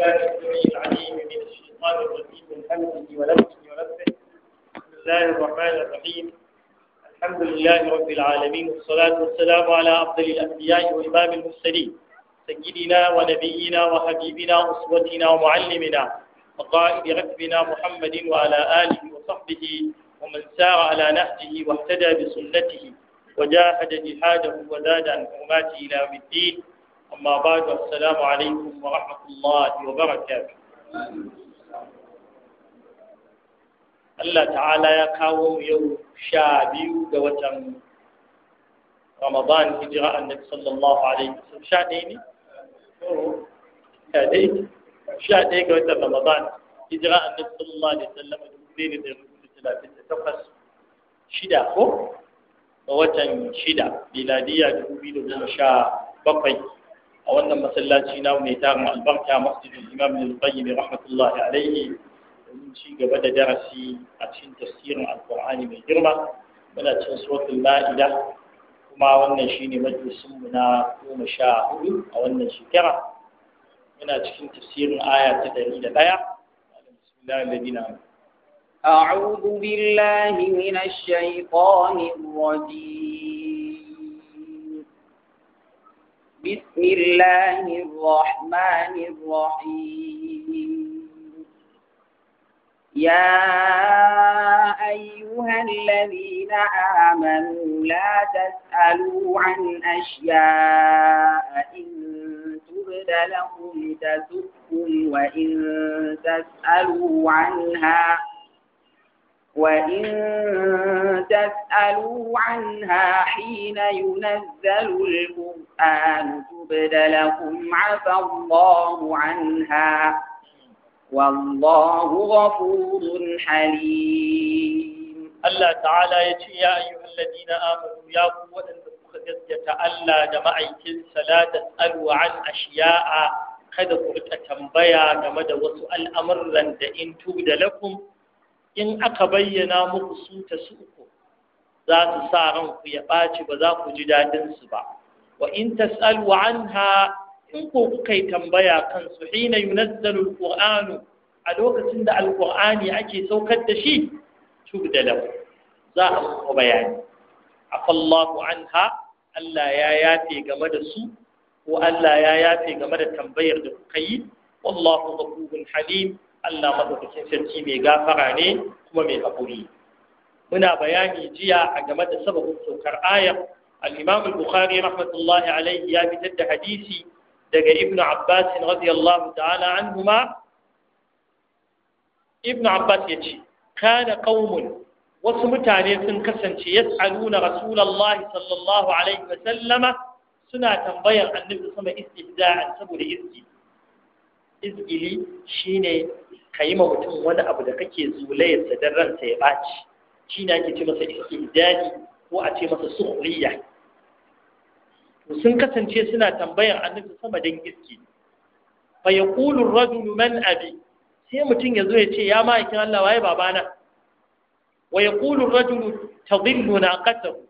بالله السميع العليم من الشيطان الرجيم من همزه ونفسه ونفسه بسم الله الرحمن الرحيم الحمد لله رب العالمين والصلاة والسلام على أفضل الأنبياء وإمام المرسلين سيدنا ونبينا وحبيبنا أسوتنا ومعلمنا وقائد ركبنا محمد وعلى آله وصحبه ومن سار على نهجه واهتدى بسنته وجاهد جهاده وزاد عن حرماته إلى يوم الدين أما بعد السلام عليكم ورحمة الله وبركاته الله تعالى يقاوم يوم شابي وتم رمضان هجرة النبي صلى الله عليه وسلم شاديني شاديك وتم رمضان هجرة النبي صلى الله عليه وسلم ودين الرسول صلى الله عليه وسلم شدا هو وتم شدا بلادية تقول له شا بقي a wannan masallaci na mai tarin albarka masjidin imam al-qayyim rahmatullahi alaihi domin ci gaba da darasi a cikin tafsirin alqur'ani mai girma muna cikin suratul ma'ida kuma wannan shine majalisin mu na goma sha a wannan shekara muna cikin tafsirin aya ta ɗari da ɗaya أعوذ بالله من الشيطان الرجيم بسم الله الرحمن الرحيم يا أيها الذين آمنوا لا تسألوا عن أشياء إن تبد لكم تسؤكم وإن تسألوا عنها وإن تسألوا عنها حين ينزل القرآن تبد لكم عفى الله عنها والله غفور حليم الله تعالى يتي يا أيها الذين آمنوا يا قوة يتألى دمعيك لا تسألوا عن أشياء kada ku rika tambaya game da wasu al'amuran da in tuda lakum in aka bayyana muku su ta su uku za su sa ranku ya ɓaci ba za ku ji daɗinsu ba wa in tas'alu anha in ko kuka yi tambaya kansu hina yunazzalu quranu a lokacin da alqur'ani ake saukar da shi tubda za a muku bayani afallahu anha Allah ya yafe game da su ko Allah ya yafe game da tambayar da kuka yi wallahu ghafurun halim Allah madaukakin sarki mai gafara ne kuma mai haƙuri muna bayani jiya a game da sababin saukar ayar al-Imam al-Bukhari rahmatullahi alaihi ya fitar da hadisi daga Ibn Abbas radiyallahu ta'ala anhuma Ibn Abbas yace kana qaumun wasu mutane sun kasance yas'aluna rasulullahi sallallahu alaihi wa sallama suna tambayar annabi sama istihza'an saboda izgi izgili shine ka yi ma mutum wani abu da kake zulayarsa don ransa ya ɓaci shi ne ake ce masa istidadi ko a ce masa to sun kasance suna tambayan annabi sama don iski fa yaqulu ar Radu man abi sai mutum ya zo ya ce ya ma'aikin Allah waye babana wa yaqulu ar-rajulu tadhillu naqatahu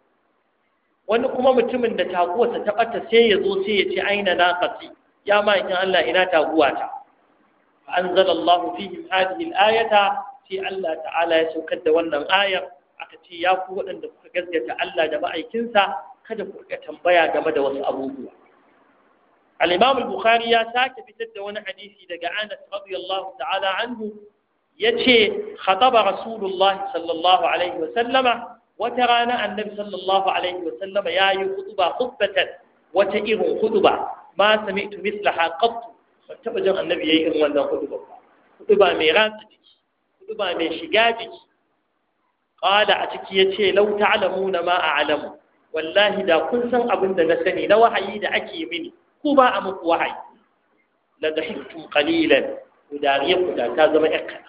wani kuma mutumin da taguwarsa ta ɓata sai ya zo sai ya ce aina ƙasi ya ma'aikin Allah ina taguwata فأنزل الله فيهم هذه الآية في الله تعالى يسوكد وانا آية أكتي يافو أن تفكزية الله دماء كنسا kada kuka tambaya game da wasu abubuwa al bukhari ya sake fitar da wani hadisi daga anas radiyallahu ta'ala anhu yace khataba rasulullah wata rana annabi sallallahu alaihi wa sallama yayi khutba khutbatan wata irin khutba ma sami'tu mislaha qat ba taba jin annabi ya yi irin wannan hudu ba hudu ba mai ratsa jiki hudu ba mai shiga jiki ƙala a ciki ya ce lau ta'alamu na ma a alamu wallahi da kun san abin da na sani na wahayi da ake mini ku ba a muku wahayi la dahiktum qalilan ku dariya ku da ta zama yar kana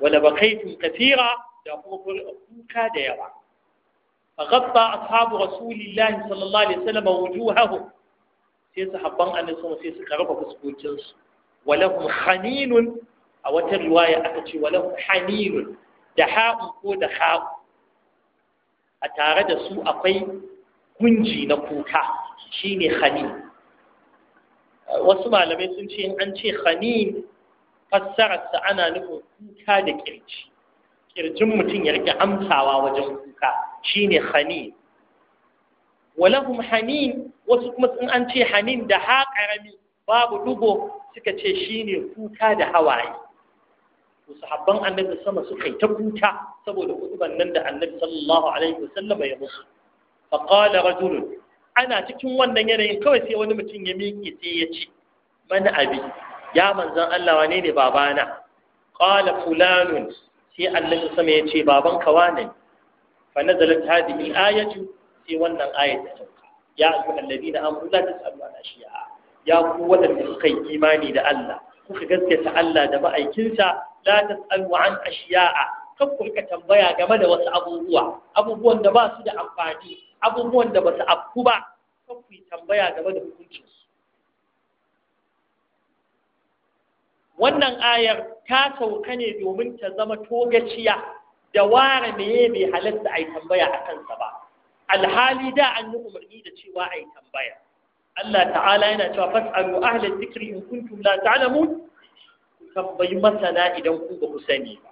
wala bakaitum kathira da kuma kuka da yawa fa ghatta ashabu rasulillahi sallallahu alaihi wasallam wujuhahum sai sahabban annabi sun sai su karfa fuskokin su walahum khaninun a wata riwaya aka ce walahum haninun da ha'un ko da ha'u a tare da su akwai kunji na kuka shine khanin wasu malamai sun ce in an ce khanin fassararsa ana nufin kuka da kirji kirjin mutum ya rike amsawa wajen kuka shine khani walahum hamim wasu kuma sun an ce hamim da ha karami babu dugo suka ce shine kuka da hawaye to sahabban annabi sama suka yi ta kuta saboda kutuban nan da annabi sallallahu alaihi wasallam ya musu fa qala rajul ana cikin wannan yanayin kawai sai wani mutum ya miƙe sai ya ce mana abi ya manzon Allah wane ne babana qala fulanun sai annabi sama ya ce baban ka wane fa nazalat hadhihi ayatu sai wannan ayat ta sauka ya ayyuhal ladina amanu la tasalu an ashiya ya ku wadanda kai yi imani da Allah kuka gaskata Allah da ma'aikinsa la tasalu an ashiya'a kan ku rika tambaya game da wasu abubuwa abubuwan da ba su da amfani abubuwan da ba su afku ba kan ku tambaya game da hukuncin su wannan ayar ta sauka ne domin ta zama togaciya da ware meye mai halatta a yi tambaya a kansa ba alhali da an yi umarni da cewa a yi tambaya Allah ta'ala yana cewa fas'alu ahla dhikri in kuntum la ta'lamun tambayi masana idan ku ba ku sani ba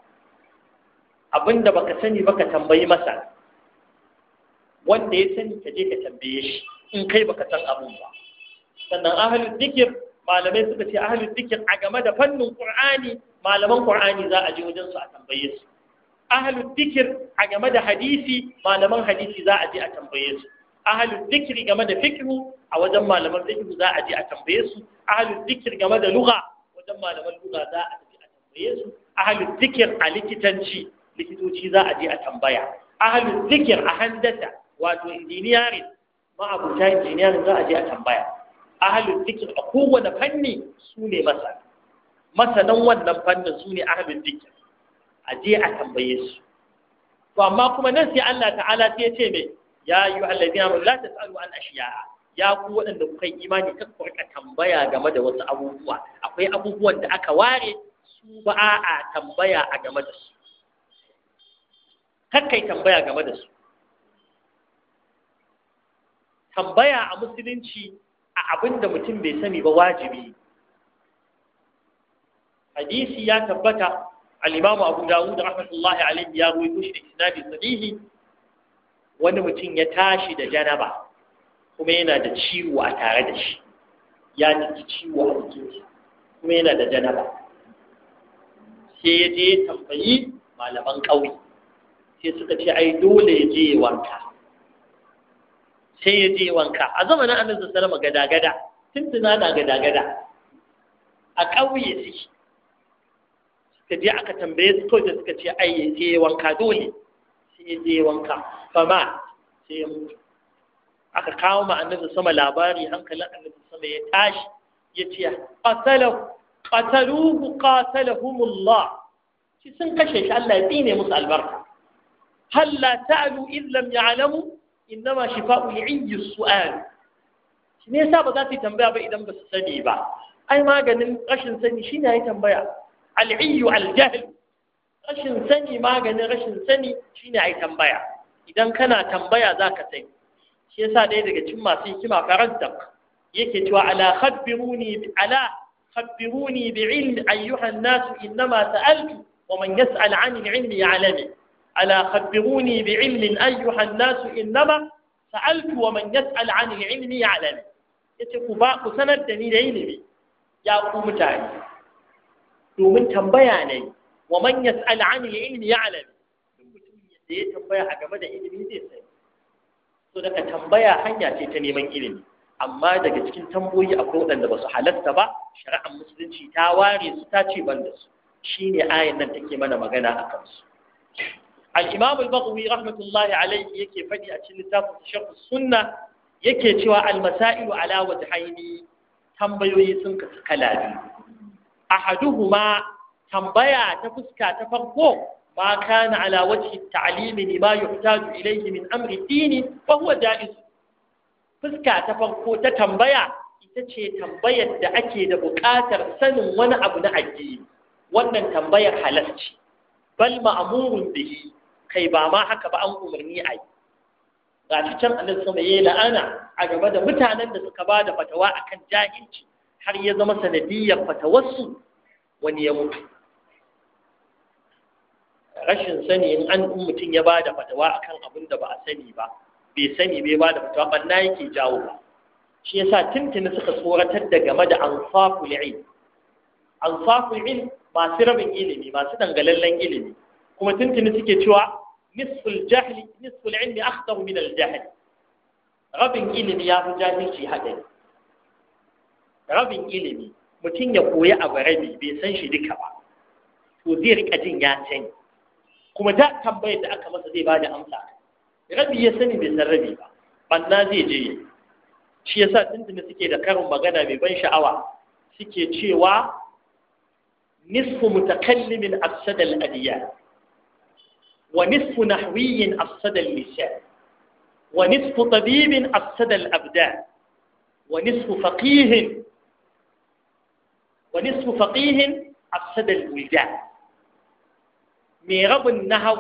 abinda baka sani baka tambayi masa, wanda ya sani ka je ka tambaye shi in kai baka san abun ba sannan ahlul dhikr malamai suka ce ahlul dhikr a game da fannin qur'ani malaman qur'ani za a je wajen su a tambaye su ahlul dikir a game da hadisi malaman hadisi za a je a tambaye su ahlul dikir game da fikru, a wajen malaman fikru za a je a tambaye su ahlul dikir game da lugha wajen malaman lugha za a je a tambaye su ahlul dikir a likitanci likitoci za a je a tambaya ahlul dikir a handasa wato engineering ma'abuta engineering za a je a tambaya ahlul dikir a kowane fanni su ne masana masanan wannan fannin su ne ahlul dikir a je a tambaye su to amma kuma nan sai Allah ta'ala sai ya ce me ya ayu allazina amanu la tasalu an ashiya ya ku waɗanda kuka yi imani kar ku tambaya game da wasu abubuwa akwai abubuwan da aka ware su ba a tambaya a game da su Kakai tambaya game da su tambaya a musulunci a abin da mutum bai sani ba wajibi hadisi ya tabbata al-imamu abu dawud rahmatullahi alaihi ya ruwa shi da isnadi sahihi wani mutum ya tashi da janaba kuma yana da ciwo a tare da shi ya ji ciwo a jikin shi kuma yana da janaba sai ya je ya tambayi malaman ƙauye sai suka ce ai dole ya je wanka sai ya je wanka a zamanin annabi sallallahu alaihi wasallam gada-gada tuntuna na gada-gada a ƙauye suke ka je aka tambaye su kawai da suka ce ai ya je wanka dole sai ya je wanka fama sai ya mutu aka kawo ma annabi sama labari hankalin annabi sama ya tashi ya ce qatalahu qataluhu qatalahumullah shi sun kashe shi Allah ya tsine musu albarka hal la ta'lu in lam ya'lamu innama shifa'u li'ayyi su'al shi ne yasa ba za su yi tambaya ba idan ba su sani ba ai maganin rashin sani shine yi tambaya al'iyyu al rashin sani maganin rashin sani shi ne ai tambaya idan kana tambaya za zaka sani shi yasa ɗaya daga cikin masu hikima faraddaq yake cewa ala khabbiruni ala khabbiruni bi ilmi ayyuha an-nas innama sa'altu wa man yas'al 'an ilmi ya ya'lamu ala khabbiruni bi ilmin ayyuha an-nas innama sa'altu wa man yas'al 'an ilmi ya'lamu yace ku ba ku sanar da ni da ilimi ya ku mutane domin tambaya ne wa manya yas'al 'an al-'ilmi ya'lam duk da ya tambaya a game da ilimi zai sani so daga tambaya hanya ce ta neman ilimi amma daga cikin tamboyi akwai waɗanda ba su halatta ba shari'ar musulunci ta ware su ta ce ban da su shine ayan nan take mana magana a kansu al-imam al-baghawi rahmatullahi alayhi yake faɗi a cikin littafin sharh sunna yake cewa al-masailu ala wajhaini tambayoyi sun kasu kala biyu ahaduhuma tambaya ta fuska ta farko ma kana ala wajhi ta'limi li ma yuhtaju ilayhi min amri dini fa huwa fuska ta farko ta tambaya ita ce tambayar da ake da bukatar sanin wani abu na addini wannan tambayar halalci bal ma'murun bihi kai ba ma haka ba an umarni a yi ga can annabi sama yayi la'ana a gaba da mutanen da suka ba da fatawa akan jahilci har ya zama sanadiyar fatawarsu wani ya mutu rashin sani in an mutum ya ba da fatawa akan abin da ba a sani ba bai sani bai ba bada fatawa banna yake jawo ba shi sa tuntuni suka tsoratar da game da ansaful ilm ansaful ilm masu rabin ilimi masu dangalallen ilimi kuma tuntuni suke cewa nisful jahli nisful ilmi akhtar min al jahl rabin ilimi ya fi jahilci hadari rabin ilimi mutum ya koyi a rabi bai san shi duka ba to zai rika jin ya sani kuma da tambayar da aka masa zai bada amsa rabi ya sani bai san rabi ba banna zai je shi yasa tuntuni suke da karin magana mai ban sha'awa suke cewa nisfu mutakallimin afsada al-adiyan wa nisfu nahwiyin afsada al-lisan wa nisfu tabibin afsada abdan wa nisfu faqihin wa nisfu faqihin afsada al-wildan me rabin nahaw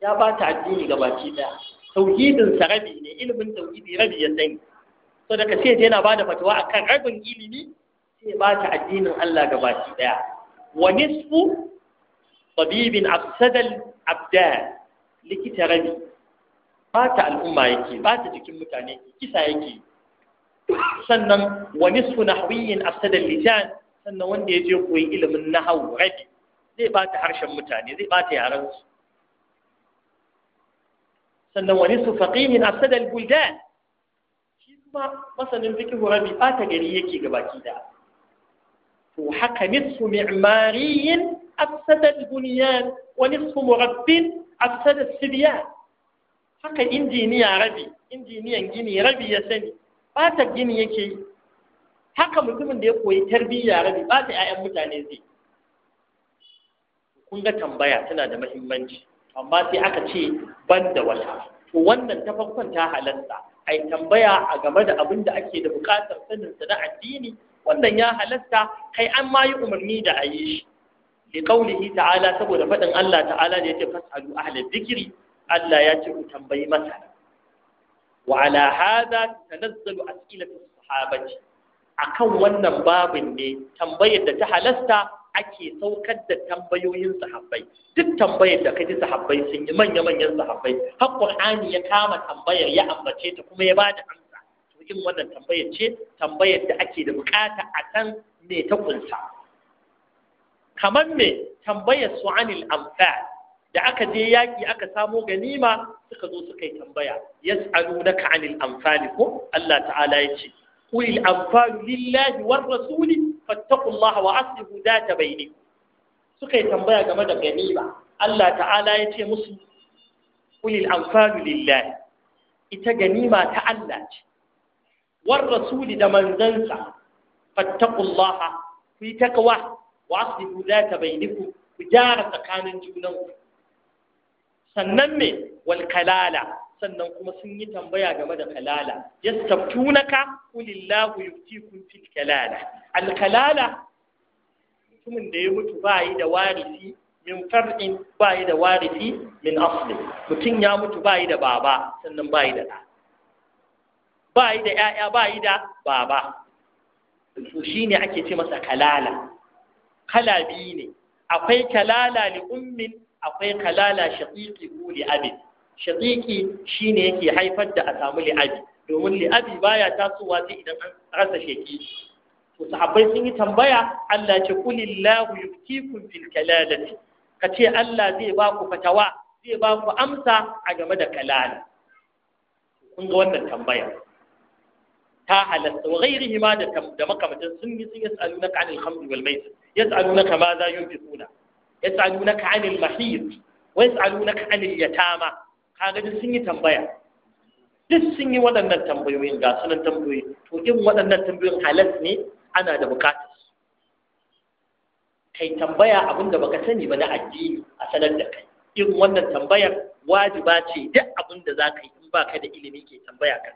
ya ba ta addini gabaki daya tauhidin rabi ne ilimin tauhidi rabi ya sani so daga sai yana bada fatawa akan rabin ilimi sai ba ta addinin Allah gabaki daya wa nisfu tabibin likita rabi ba ta al'umma yake ba ta jikin mutane kisa yake sannan wani wa nisfu nahwiyin afsada lisan sannan wanda ya je koyi ilimin nahawu rabi zai ba ta harshen mutane zai ba ta yaran su sannan wa nisfu faqihin afsada albuldan shi kuma masanin fikihu rabi bata gari yake ga baki da to haka nisfu mi'mariyin afsada albunyan wani su murabbin afsada sibyan haka injiniya rabi injiniyan gini rabi ya sani Fatar gini yake haka mutumin da ya koyi tarbiyya rabi bata 'ya'yan mutane zai kun ga tambaya tana da mahimmanci amma sai aka ce ban da wata to wannan ta farkon ta halatta ai tambaya a game da abin da ake da buƙatar sanin sa na addini wannan ya halatta kai an ma yi umarni da a yi shi li kaulihi ta'ala saboda faɗin Allah ta'ala da yace fasalu ahli dhikri Allah ya ce ku tambayi masana wa ta hadha tanazzalu as'ilatu sahabati akan wannan babin ne tambayar da ta halasta ake saukar da tambayoyin sahabbai duk tambayar da kaji sahabbai sun yi manya manyan sahabbai har qur'ani ya kama tambayar ya ambace ta kuma ya bada amsa to in wannan tambayar ce tambayar da ake da bukata a san me ta kunsa kamar me tambayar su anil amfani da aka je yaƙi aka samo ganima suka zo suka yi tambaya Ya yas'alunaka anil amfani ko Allah ta'ala ya ce qul anfalu lillahi war rasuli fattaqullaha wa aslihu data baini suka yi tambaya game da ganima Allah ta'ala ya ce musu qul anfalu lillahi ita ganima ta Allah ce war rasuli da manzansa fattaqullaha ku yi takawa wa aslihu data bainikum ku gyara tsakanin junanku sannan me wal kalala sannan kuma sun yi tambaya game da kalala yastabtunaka kulillahu yuftikum fil kalala al kalala mutumin da ya mutu ba yi da warisi min far'in ba yi da warisi min asli mutum ya mutu ba yi da baba sannan ba yi da ba yi da ƴaƴa ba yi da baba to shine ake ce masa kalala kala biyu ne akwai kalala li ummin akwai kalala shaqiqi ko li'abi shi ne yake haifar da a samu li'abi domin li'abi baya tasowa sai idan an rasa shaqiqi to sahabbai sun yi tambaya Allah ce kulillahu yuftikum fil kalalati ce Allah zai ba ku fatawa zai ba ku amsa a game da kalala kun ga wannan tambaya ta halatta wa ghairihi ma da da makamantan sun yi sun yasalunaka anil khamri wal maisir yasalunaka ma za yunfiquna yas'alunaka 'anil mahid wa yas'alunaka 'anil yatama kaga duk sun yi tambaya duk sun yi waɗannan tambayoyin ga sunan tambayoyi to in waɗannan tambayoyin halas ne ana da bukatar kai tambaya da baka sani ba na addini a sanar da kai in wannan tambayar wajiba ce duk abinda za ka yi in baka da ilimi ke tambaya kan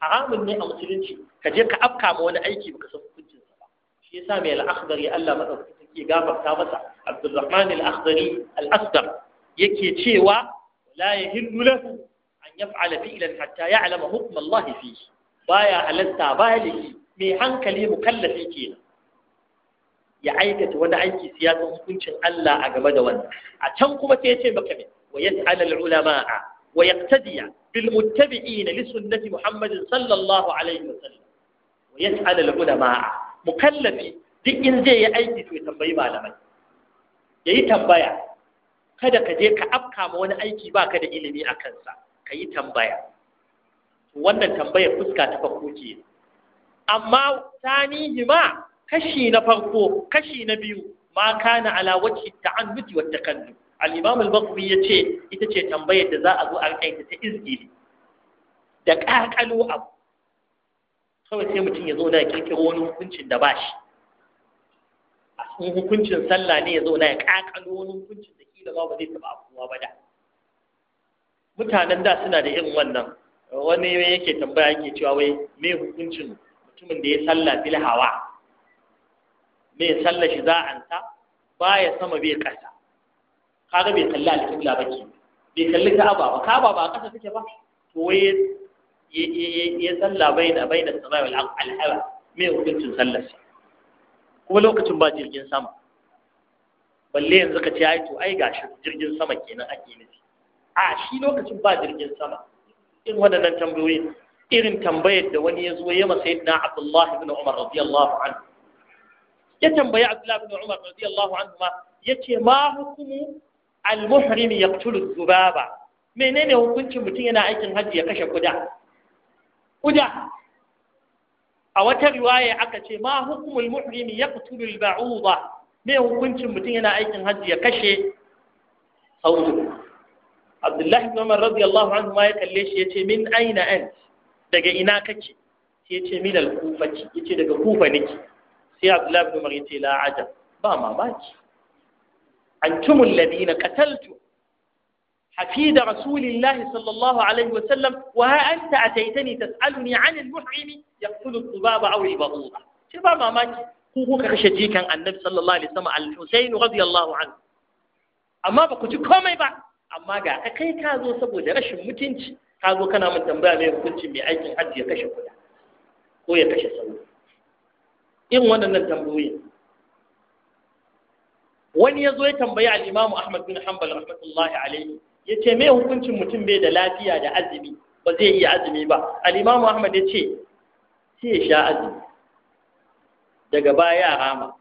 haramun ne a musulunci ka je ka afka ma wani aiki baka san hukuncinsa ba shi yasa mai al'akhdar ya Allah madaukakin ya gafarta masa Abdurrahman al-Akhdari al-Asdar yake cewa la yahillu lahu an yaf'ala fi'lan hatta ya'lama hukm Allah fihi baya halatta baligi mai hankali mukallafi kenan ya aikata wani aiki siyasan hukuncin Allah a game da wannan a can kuma sai ya ce maka me wa yas'al al-ulama wa yaqtadi bil muttabi'ina li sunnati muhammadin sallallahu alaihi wa wasallam wa yas'al al-ulama mukallafi duk in zai yi aiki to ya tambayi malamai ya yi tambaya kada ka je ka afka ma wani aiki ba ka da ilimi a kansa ka yi tambaya wannan tambayar fuska ta farko ke amma tanihi ma kashi na farko kashi na biyu ma na alawaci ta an mutu wata kanzu imam al ya ce, ita ce tambayar da za a zo a rika ta izgili da kakalo abu kawai sai mutum ya zo na kirkiro wani hukuncin da ba shi. in hukuncin sallah ne ya zauna ya kakalo wani hukuncin da kila ba zai taba abuwa ba da mutanen da suna da irin wannan wani yake tambaya yake cewa wai me hukuncin mutumin da ya sallah bil hawa me sallah shi za an Ba baya sama bai kasa kaga bai kalli alƙibla ba ke bai kalli ka'aba ba ka'aba ba kasa take ba to wai ya sallah bai bayna samai wal al-hawa me hukuncin sallar shi. kuma lokacin ba jirgin sama balle yanzu ka ce ai to ai gashi jirgin sama kenan ake nufi a shi lokacin ba jirgin sama in waɗannan tambayoyin irin tambayar da wani ya zo ya masa yadda Abdullah ibn Umar radiyallahu anhu ya tambayi Abdullah ibn Umar radiyallahu anhu ma ya ce ma hukumu al-muhrim yaqtulu dhubaba menene hukuncin mutum yana aikin hajji ya kashe kuda kuda a wata riwaya aka ce ma hukumul muhrimi yaqtulu al ba, me hukuncin mutum yana aikin hajji ya kashe sauru Abdullahi ibn Umar radiyallahu anhu ma ya kalle shi yace min aina ant daga ina kake sai yace min al-kufa yace daga kufa nake sai Abdullahi ibn Umar yace la ajab ba mamaki antumul ladina qataltu حفيد رسول الله صلى الله عليه وسلم وها أنت أتيتني تسألني عن المحرم يقتل الذباب أو البعوضة شو ما ماك هو كشتي كان النبي صلى الله عليه وسلم الحسين رضي الله عنه أما بقول كم يبع أما جاء كي كذو سبوا درش متنج كذو كان من تنبأ من كنت مئات حد يكشف كذا هو يكشف سوى إن وانا نتنبوين wani ya zo ya tambaya al'imamu Ahmad bin Hanbal rahmatullahi alaihi ya ce mai hukuncin mutum bai da lafiya da azumi ba zai iya azumi ba alimamu ahmad ya ce sai ya sha azumi daga baya rama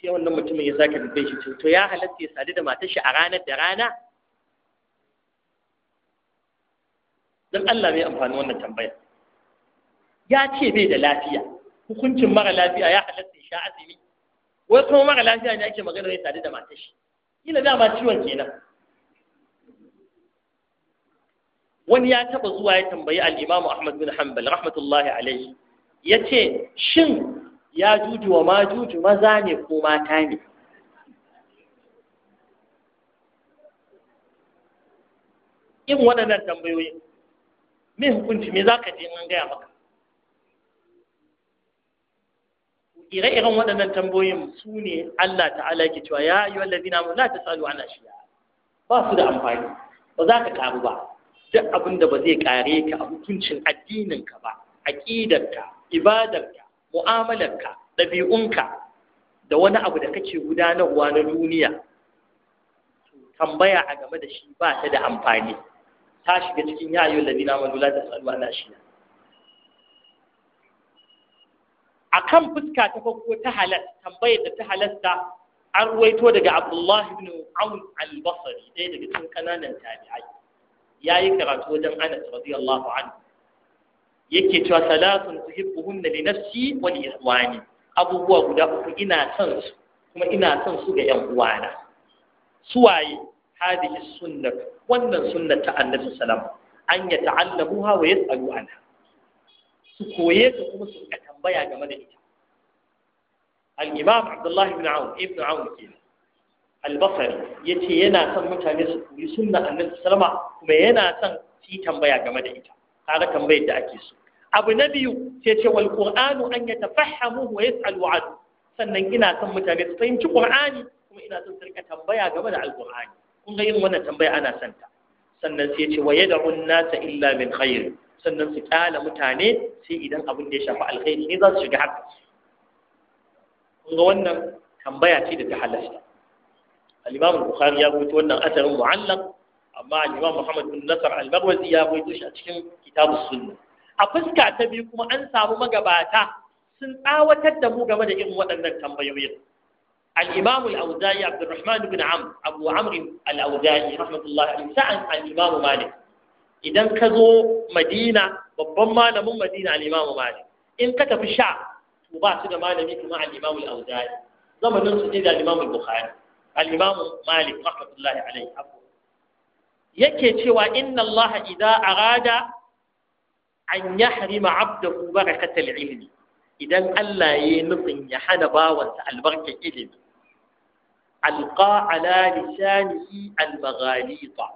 sai wannan mutumin ya sake dubbe shi to ya halatta ya sadu da matar shi a ranar da rana dan Allah mai amfani wannan tambaya ya ce bai da lafiya hukuncin mara lafiya ya halatta ya sha azumi wai kuma mara lafiya ne ake magana ya sadu da matar shi kila dama ciwon kenan wani ya taba zuwa ya tambayi al-Imam Ahmad bin Hanbal rahmatullahi alaihi yace shin ya juju wa majuju maza ne ko mata ne in waɗannan tambayoyin min hukunci me zaka je an gaya maka ire-iren waɗannan tambayoyin su ne Allah ta'ala ke cewa ya yi wallazi na la ta salu ana shiya ba su da amfani ba za ka karu ba duk abin da ba zai kare ka a hukuncin addininka ba aƙidarka ibadarka mu'amalarka ɗabi'unka da wani abu da kake gudanarwa na duniya tambaya a game da shi ba ta da amfani ta shiga cikin da nina manula da la na shi. A kan fuska ta farko ta halal tambayar da ta halasta an ruwaito daga Abdullahi ibn Aun al-Basri ɗaya daga cikin kananan tabi'ai ya yi karatu wajen anas radiyallahu anhu yake cewa salatun tuhibbuhunna li nafsi wa li ikhwani abubuwa guda uku ina son su kuma ina son su ga yan uwana suwaye hadhihi sunnah wannan sunnah ta annabi sallam an ya ta'allamuha wa yas'alu anha su koye ta kuma su tambaya game da ita al-imam abdullahi ibn aun ibn aun kenan albasari ya ce yana son mutane su koyi sunna annabi salama kuma yana son su yi tambaya game da ita kara tambayar da ake so abu na biyu sai ce wal qur'anu an yatafahhamu wa yas'alu anhu sannan ina son mutane su fahimci qur'ani kuma ina son su rika tambaya game da alqur'ani kun ga yin wannan tambaya ana son ta sannan sai ce wa yad'u an-nasa illa min khair sannan su kyala mutane sai idan abin da ya shafi alkhairi ne za su shiga haka kun ga wannan tambaya ce da ta halasta al-imam bukhari ya rubuta wannan asarin mu'allaq amma al-imam muhammad bin nasar al-maghwazi ya rawaito shi a cikin kitabus sunna a fuska ta biyu kuma an samu magabata sun tsawatar da mu game da irin waɗannan tambayoyin الإمام الأوزاعي عبد الرحمن بن عمرو أبو عمرو الأوزاعي رحمة الله عليه سأل الإمام مالك إذا كزو مدينة ببما نمو مدينة الإمام مالك إن كتب الشعب وبعث ما نبي كما الإمام الأوزاعي زمن نصدق الإمام al-imamu malik rahmatullahi alaihi yake cewa inna Allah idza arada an yahrima 'abdahu barakatal ilmi idan Allah ya nufin ya hana bawansa albarkar ilimi alqa ala lisanihi almaghalita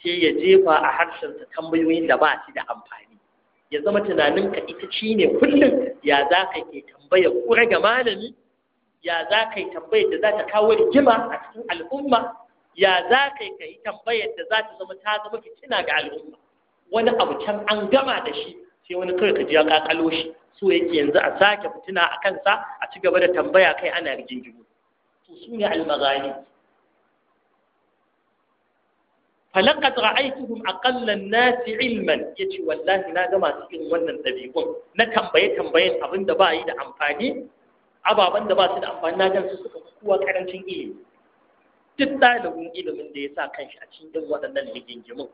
sai ya jefa a harshensa tambayoyin da ba shi da amfani ya zama tunaninka ita shine kullum ya za ka ke tambaya kura ga malami ya za ka yi tambayar da za ta kawo rigima a cikin al'umma ya za ka yi tambayar da za ta zama ta zama fitina ga al'umma wani abu can an gama da shi sai wani kawai ka ji ya kakalo shi so yake yanzu a sake fitina a kansa a ci gaba da tambaya kai ana rigingimu to su ne almagani falakat ra'aytuhum aqalla an-nas ilman yace wallahi na ga masu irin wannan dabi'un na tambaye tambayen abin da ba yi da amfani ababen da ba su da amfani na jan su suka kuwa karancin ilimi duk ɗalibin ilimin da ya sa kanshi a cikin irin waɗannan rigingimin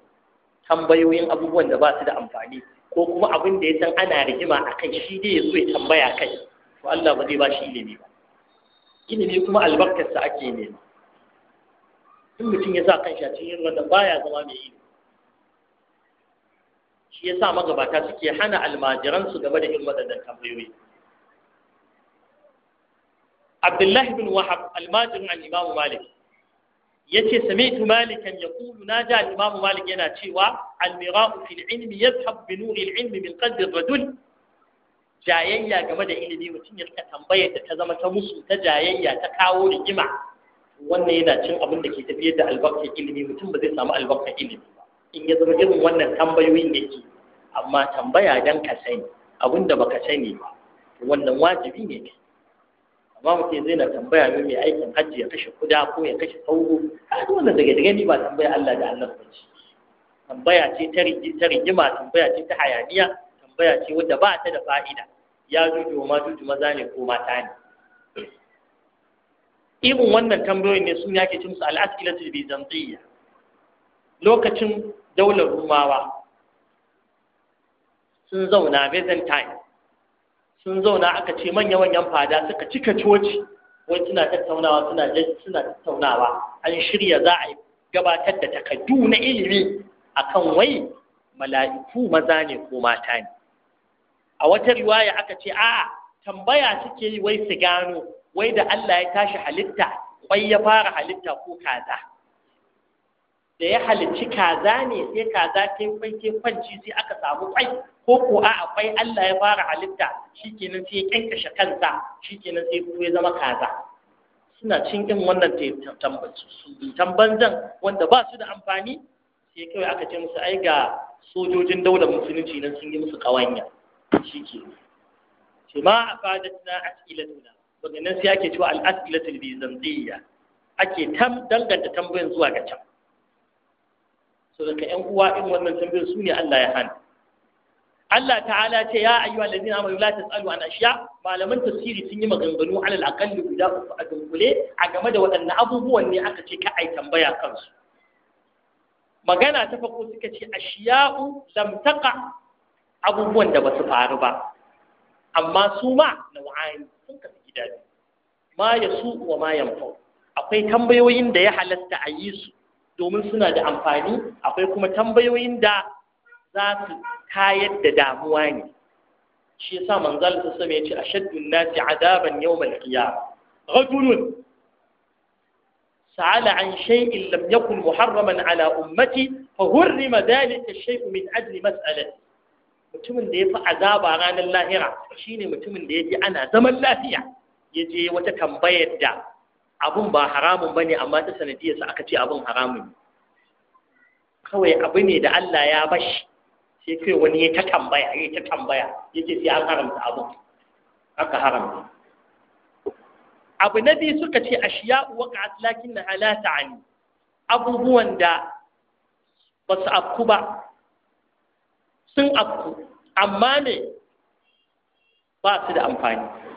tambayoyin abubuwan da ba su da amfani ko kuma abin da ya san ana rigima a kai shi dai ya zo ya tambaya kai to Allah ba zai ba shi ilimi ba ilimi kuma albarkarsa ake nema in mutum ya sa kanshi a cikin ba baya zama mai ilimi shi ya sa magabata suke hana almajiransu game da irin waɗannan tambayoyi abdullahi bin wahab almajirin al'imamu malik ya ce sami'tu malikan ya kulu na ji al'imamu malik yana cewa almira'u fil ilmi ya tabbi nuri ilmi min qaddar rajul jayayya game da ilimi mutum ya rika tambayar da ta zama ta musu ta jayayya ta kawo rigima wannan yana cin abin da ke tafiyar da albarkar ilimi mutum ba zai samu albarkar ilimi ba in ya zama irin wannan tambayoyin ke? amma tambaya don ka sani abin da baka sani ba wannan wajibi ne amma mutum zai na tambaya ne mai aikin hajji ya kashe kuda ko ya kashe sauro a duk wannan daga ni ba tambaya Allah da Allah ba ce tambaya ce ta rigima tambaya ce ta hayaniya tambaya ce wadda ba ta da fa'ida ya juju ma juju maza ne ko mata ne irin wannan tambayoyin ne sun yake cin su al'asilatu bizantiyya lokacin daular rumawa sun zauna Byzantine sun zauna aka ce manya-manyan fada suka cika coci wai suna tattaunawa suna tattaunawa an shirya za a gabatar da takaddu na ilimi a kan wai mala'iku maza ne ko mata ne a wata riwaya aka ce a'a tambaya suke yi wai su gano wai da Allah ya tashi halitta wai ya fara halitta ko kaza da ya halicci kaza ne sai kaza ta kwai ta kwanci sai aka samu kwai ko ko a akwai Allah ya fara halitta shikenan sai ya kankashe kansa shikenan sai ya zama kaza suna cin irin wannan tambanzan wanda ba su da amfani sai kawai aka ce musu ai ga sojojin daular musulunci nan sun yi musu kawanya shikenan ce ma afadatna as'ilatuna daga nan sai ake cewa al-as'ilatul bizantiyya ake tam danganta tambayin zuwa ga can so daga ƴan uwa in wannan tambayar su ne Allah ya hana Allah ta'ala ce ya ayyu allazina amanu la tasalu an ashiya malaman tasiri sun yi maganganu alal aqalli guda uku a dunkule a game da waɗannan abubuwan ne aka ce ka ai tambaya kansu magana ta farko suka ce ashiya'u lam taqa abubuwan da ba su faru ba amma su ma nau'ani sun kasu gida ma yasu wa ma yanfa akwai tambayoyin da ya halatta a yi su domin suna da amfani akwai kuma tambayoyin da za su kayar da damuwa ne shi yasa manzal ta sama a shaddun nasi adaban yawmal qiyamah rajulun sa'ala an shay'in lam yakun muharraman ala ummati fa hurrima dhalika shay'u min ajli mas'alati mutumin da ya fi azaba ranar lahira shine mutumin da ya je ana zaman lafiya ya je wata tambayar da abun ba haramun bane amma ta sanadiyarsa aka ce abun haramun kawai abu ne da Allah ya bashi sai kai wani ya ta tambaya ya ta tambaya yace sai an haramta abun aka haramta abu na biyu suka ce a shiya waka lakin na halata ani abubuwan da ba su afku ba sun afku amma ne ba su da amfani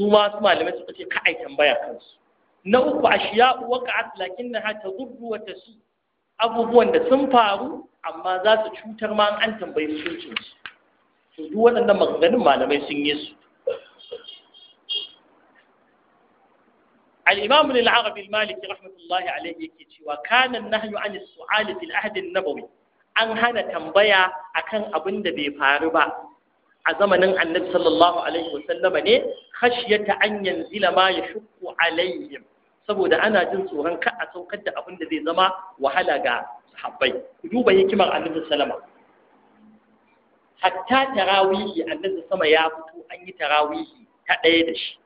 su ma su malamai suka ce ka tambaya kansu na uku ashiya waqa'at lakinnaha tadurru wa tasu abubuwan da sun faru amma za su cutar ma an tambayi hukuncin su to duk waɗannan maganganun malamai sun yi su الإمام العربي المالكي رحمة الله عليه يكيتي وكان النهي عن السؤال في العهد النبوي أن هنا تنبيا أكن أبن دبي فاربا a zamanin annabi sallallahu alaihi wasallama ne khashyata an yanzila ma yashukku alaihim saboda ana jin tsoron ka a saukar da abin da zai zama wahala ga sahabbai ku duba hikimar annabi sallama hatta tarawihi annabi sama ya fito an yi tarawihi ta ɗaya da shi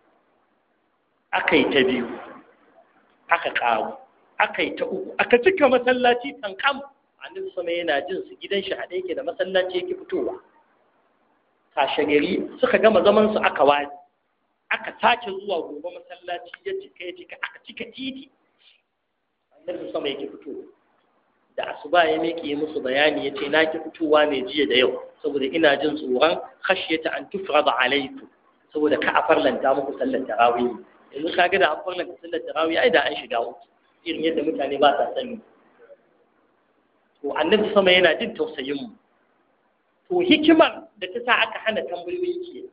aka yi ta biyu aka ƙaru aka yi ta uku aka cika masallaci tankam annabi sama yana jin su gidan shi a ɗaya ke da masallaci yake fitowa kashe suka gama zaman su aka wani aka sake zuwa gobe masallaci ya cika ya cika aka cika titi annabi sama yake fito da asuba ya miƙe musu bayani ya ce na ki fitowa ne jiya da yau saboda ina jin tsoron ta an tufrada alaiku. saboda ka a farlanta muku sallar tarawih yanzu ka ga da an farlanta sallar tarawih ai da an shiga wasu, irin yadda mutane ba sa sani to annabi sama yana jin tausayin mu to hikimar da ta sa aka hana tambayoyi ke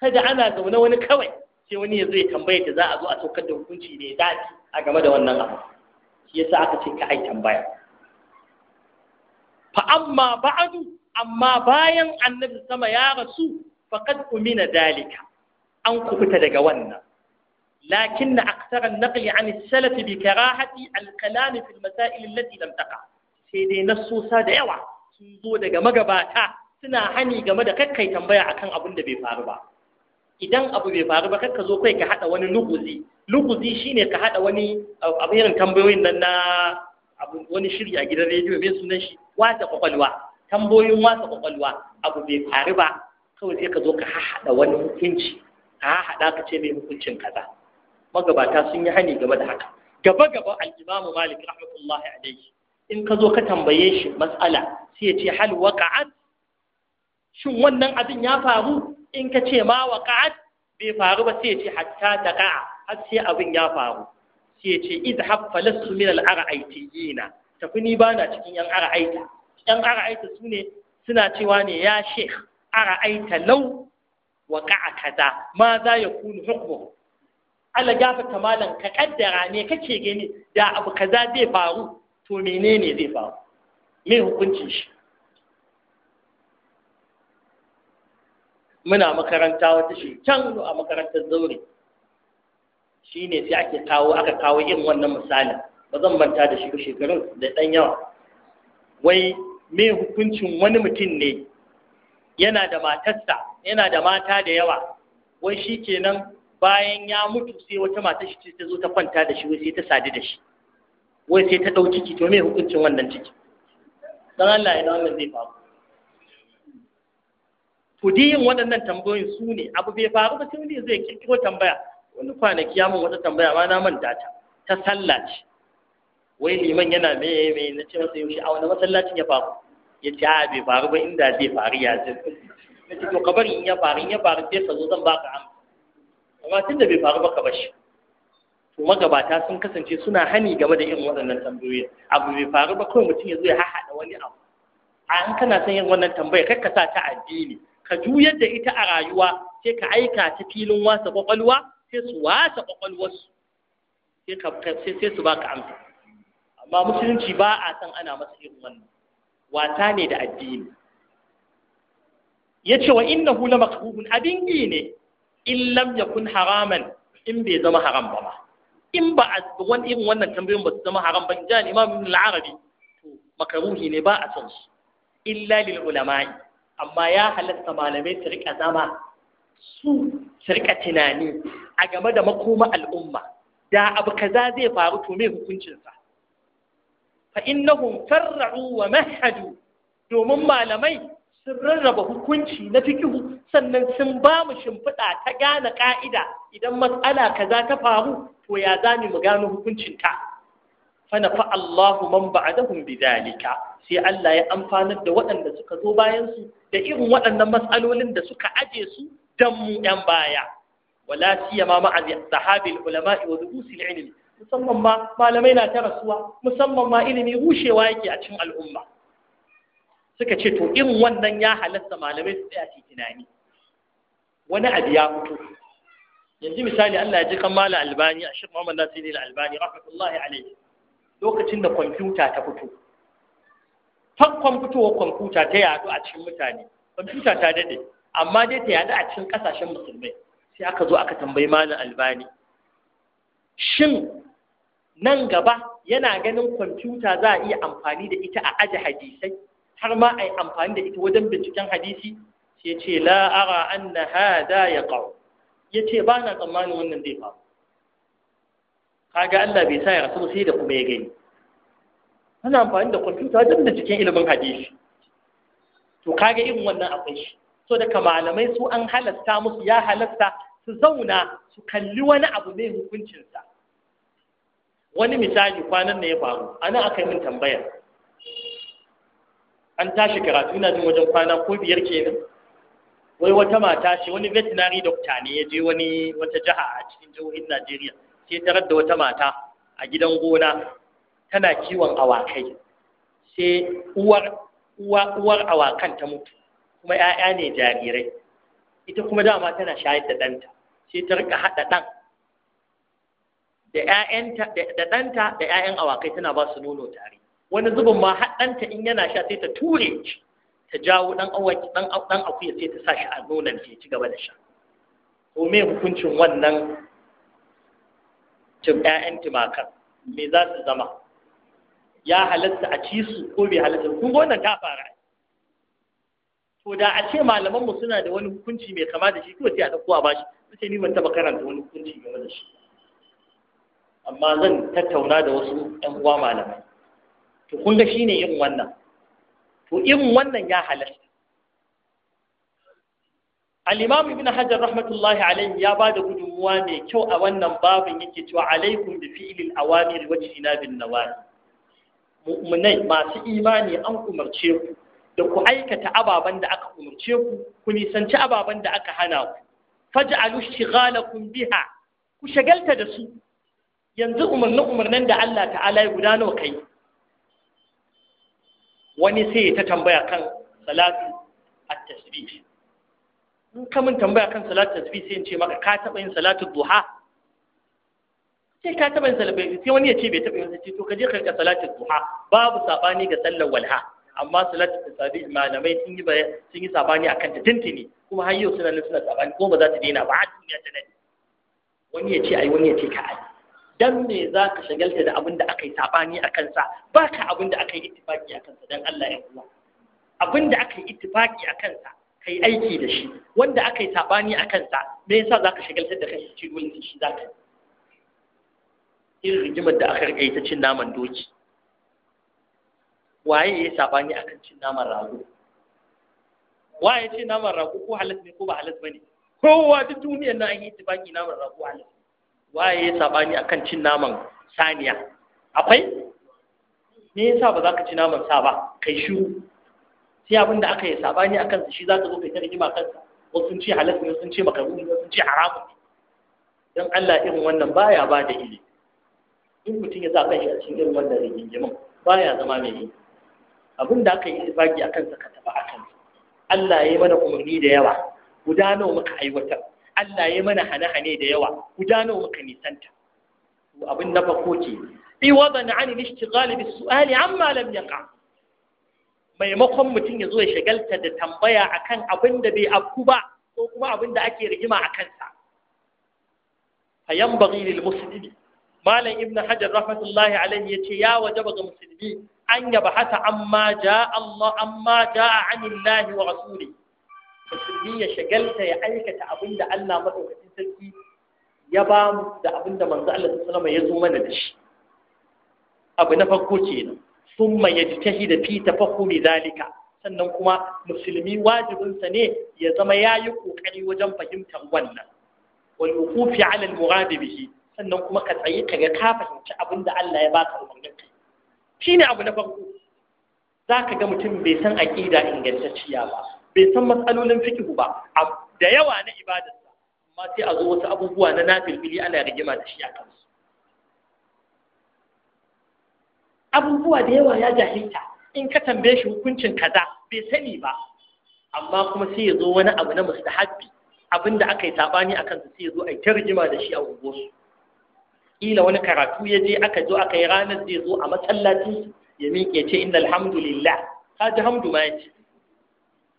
kada ana zaune wani kawai sai wani ya zai tambaya ta za a zo a saukar da hukunci ne daɗi a game da wannan abu shi yasa aka ce ka ai tambaya fa amma ba'adu, amma bayan annabi sama ya rasu faqad umina dalika an fita daga wannan لكن أكثر النقل عن السلف بكراهة الكلام في المسائل dai لم تقع da yawa sun zo daga magabata. suna hani game da kakkai tambaya akan abin da bai faru ba idan abu bai faru ba kakka zo kai ka hada wani luguzi luguzi shine ka hada wani uh, abu irin tambayoyin nan na abu wani shirya a gidan rediyo mai sunan shi wata kwakwalwa tambayoyin wata kwakwalwa abu bai faru ba kawai sai ka zo ka hada wani hukunci ka hada ka ce mai hukuncin kaza magabata sun yi hani game da haka gaba gaba al-imamu malik rahmatullahi alaihi in ka zo ka tambaye shi matsala sai ya ce hal waqa'at shin wannan abin ya faru in ka ce ma wa ka'ad bai faru ba sai ya ce hatta ta ka'a har sai abin ya faru sai ya ce izhab falastu min al-ara'aytiyina tafi ni ba na cikin yan ara'aita yan ara'aita sune suna cewa ne ya sheikh ara'aita law ka'a kaza ma za ya kunu hukmu ya gafata kamalan ka kaddara ne kake gani da abu kaza zai faru to menene zai faru me hukuncin shi muna makaranta wata shi can a makarantar zaure shi ne sai ake kawo aka kawo irin wannan misalin ba zan manta da shi ba shekarun da ɗan yawa wai me hukuncin wani mutum ne yana da matarsa yana da mata da yawa wai shi kenan bayan ya mutu sai wata mata shi ta zo ta kwanta da shi wai sai ta sadu da shi wai sai ta ɗau ciki to me hukuncin wannan ciki Dan Allah ya wannan zai faru ku yin waɗannan tambayoyin su ne abu bai faru ba sai zai kirkiro tambaya wani kwanaki ya min wata tambaya ma na manta ta ta sallah ce wai liman yana me me na ce masa yaushe a wani masallacin ya faru ya ce a bai faru ba inda zai faru ya ce na ce to ka bari in ya faru in ya faru sai ka zo zan ba ka amsa amma tun da bai faru ba ka bar shi to magabata sun kasance suna hani game da irin waɗannan tambayoyi abu bai faru ba kawai mutum ya zo ya haɗa wani abu a an kana son yin wannan tambaya kar ka sa ta addini ka juyar da ita a rayuwa sai ka aika ta filin wasa kwakwalwa sai su wasa kwakwalwarsu sai su ba ka amsa amma musulunci ba a san ana masa irin wannan wata ne da addini ya ce wa innahu hula makruhun abin yi ne in lam kun haraman in bai zama haram ba ma in ba a wani irin wannan tambayin ba su zama haram ba in ji imam ibn al-arabi to makaruhi ne ba a son su illa lil ulama'i amma ya halatta malamai su rika zama su su rika tunani a game da makoma al'umma da abu kaza zai faru to me hukuncinsa fa innahum farra'u wa mahadu domin malamai sun rarraba hukunci na fikihu sannan sun ba mu shimfiɗa ta gane ƙa'ida idan matsala kaza ta faru to ya zami mu gano hukuncinta fa nafa Allahu man dahun bidalika sai Allah ya amfanar da waɗanda suka zo bayan su da irin waɗannan matsalolin da suka aje su dan mu ɗan baya wala siyama ma sahabil ulama'i wa dubusil ilmi musamman ma malamai na ta rasuwa musamman ma ilimi rushewa yake a cikin al'umma suka ce to irin wannan ya halatta malamai su tsaya su tunani wani abu ya mutu. yanzu misali Allah ya ji kan mala albani a shirin Muhammad Nasiru albani rahmatullahi alaihi lokacin da kwamfuta ta fito farkon fitowar kwamfuta ta yadu a cikin mutane kwamfuta ta dade amma dai ta yadu a cikin kasashen musulmai sai aka zo aka tambayi malam albani shin nan gaba yana ganin kwamfuta za a iya amfani da ita a aji hadisai har ma a yi amfani da ita wajen binciken hadisi sai ce la'ara an na hada ya ƙau ya ce ba na tsammanin wannan zai faru kaga Allah bai sa ya rasu sai da kuma ya gani ana amfani da kwamfuta duk da cikin ilimin hadisi to kaga irin wannan akwai shi so daga malamai su an halasta musu ya halasta su zauna su kalli wani abu mai hukuncinsa wani misali kwanan ne ya faru ana aka yi min tambaya an tashi karatu ina jin wajen kwana ko biyar kenan wai wata mata ce wani veterinary doctor ne ya je wani wata jiha a cikin jihohin Najeriya sai tarar da wata mata a gidan gona tana kiwon awakai sai uwar uwa uwar awakan ta mutu kuma 'ya'ya ne jarirai ita kuma dama tana shayar da ɗanta sai ta rika haɗa ɗan da ƴaƴanta da ɗanta da ƴaƴan awakai tana ba su nono tare wani zubin ma haɗanta in yana sha sai ta ture shi ta jawo ɗan awaki ɗan ɗan akuya sai ta sa shi a nonon ya ci gaba da sha to me hukuncin wannan cin ƴaƴan tumakan me za su zama ya halatta a ci su ko bai halatta kun ga wannan ta fara to da a ce malamanmu suna da wani hukunci mai kama da shi to sai a ɗauko a bashi su ce ni ban taɓa karanta wani hukunci game da shi amma zan tattauna da wasu ƴan uwa malamai to kun ga shine irin wannan to irin wannan ya halatta al-imam ibn hajar rahmatullahi alayhi ya bada gudunmuwa mai kyau a wannan babin yake cewa alaikum bi fi'lil awamir wa jinabin nawahi mu'minai masu imani an umarce ku da ku aikata ababen da aka umarce ku ku nisanci ababen da aka hana ku faj'alu shighalakum biha ku shagalta da su yanzu umarnin umarnin da Allah ta'ala ya gudano kai wani sai ta tambaya kan salatu at-tasbih in ka mun tambaya kan salatu tasbih sai in ce maka ka taba yin salatu duha sai ka taɓa yin salabai sai wani ya ce bai taɓa yin sai to ka je ka rika salatin duha babu sabani ga sallar walha amma salatin tasabih malamai sun yi sun yi sabani akan ta kuma har yau suna nan suna sabani ko ba za ta daina ba a duniya ta wani ya ce ai wani ya ce ka ai dan me za ka shagalta da abin da aka yi sabani a kansa ba ka abin da aka yi ittifaki a kansa dan Allah ya kula. abin da aka yi ittifaki a kansa ka yi aiki da shi wanda aka yi sabani a kansa me yasa za ka shagaltar da kai shi dole shi za ka yi irin rigimar da aka rikai ta cin naman doki waye ya sabani akan cin naman rago waye cin naman rago ko halas ne ko ba halas bane kowa duk duniyar na ake yi tibaki naman rago halas waye ya sabani akan cin naman saniya akwai me yasa ba za ka ci naman sa ba kai shiru sai abin da aka yi sabani akan shi za ka zo kai ta rigima kansa wasu sun ce halas ne sun ce makaru ne sun ce haramun ne don Allah irin wannan baya ba da ilimi in mutum ya sa kan shi a cikin irin wannan rigingimin baya zama mai yi abin da aka yi baki a kansa ka taɓa a kan, Allah ya yi mana umarni da yawa guda nawa muka aiwatar Allah ya yi mana hane-hane da yawa guda nawa muka nisanta abin na farko ce zan an al-ishtighal bis su'ali amma lam yaqa maimakon mutum ya zo ya shagalta da tambaya akan abin da bai afku ba ko kuma abin da ake rigima a kansa fayan bagi lil muslimi malam ibn hajar rahmatullahi alaihi yace ya wajaba ga musulmi an yaba hata amma jaa Allah amma jaa anillahi wa rasuli musulmi ya shagalta ya aikata abinda Allah madaukakin sarki ya ba mu da abinda manzo Allah sallallahu alaihi ya zo mana da shi abu na farko kenan summa yajtahida fi tafahumi zalika sannan kuma musulmi wajibinsa ne ya zama ya yi ƙoƙari wajen fahimtar wannan wal wuqufi ala al bihi sannan kuma ka tsayi ka ga ka fahimci abin da Allah ya baka umarnin kai ne abu na farko Za ka ga mutum bai san aƙida ingantacciya ba bai san matsalolin fikihu ba da yawa na ibadarsa amma sai a zo wasu abubuwa na nafilfili ana rigima da shi a kansu abubuwa da yawa ya jahilta in ka tambaye shi hukuncin kaza bai sani ba amma kuma sai ya zo wani abu na mustahabbi abinda aka yi sabani akan su sai ya zo a yi rigima da shi a unguwarsu kila wani karatu ya je aka zo aka yi ranar zai zo a masallaci ya miƙe ce inna alhamdulillah ka ji hamdu ma ya ce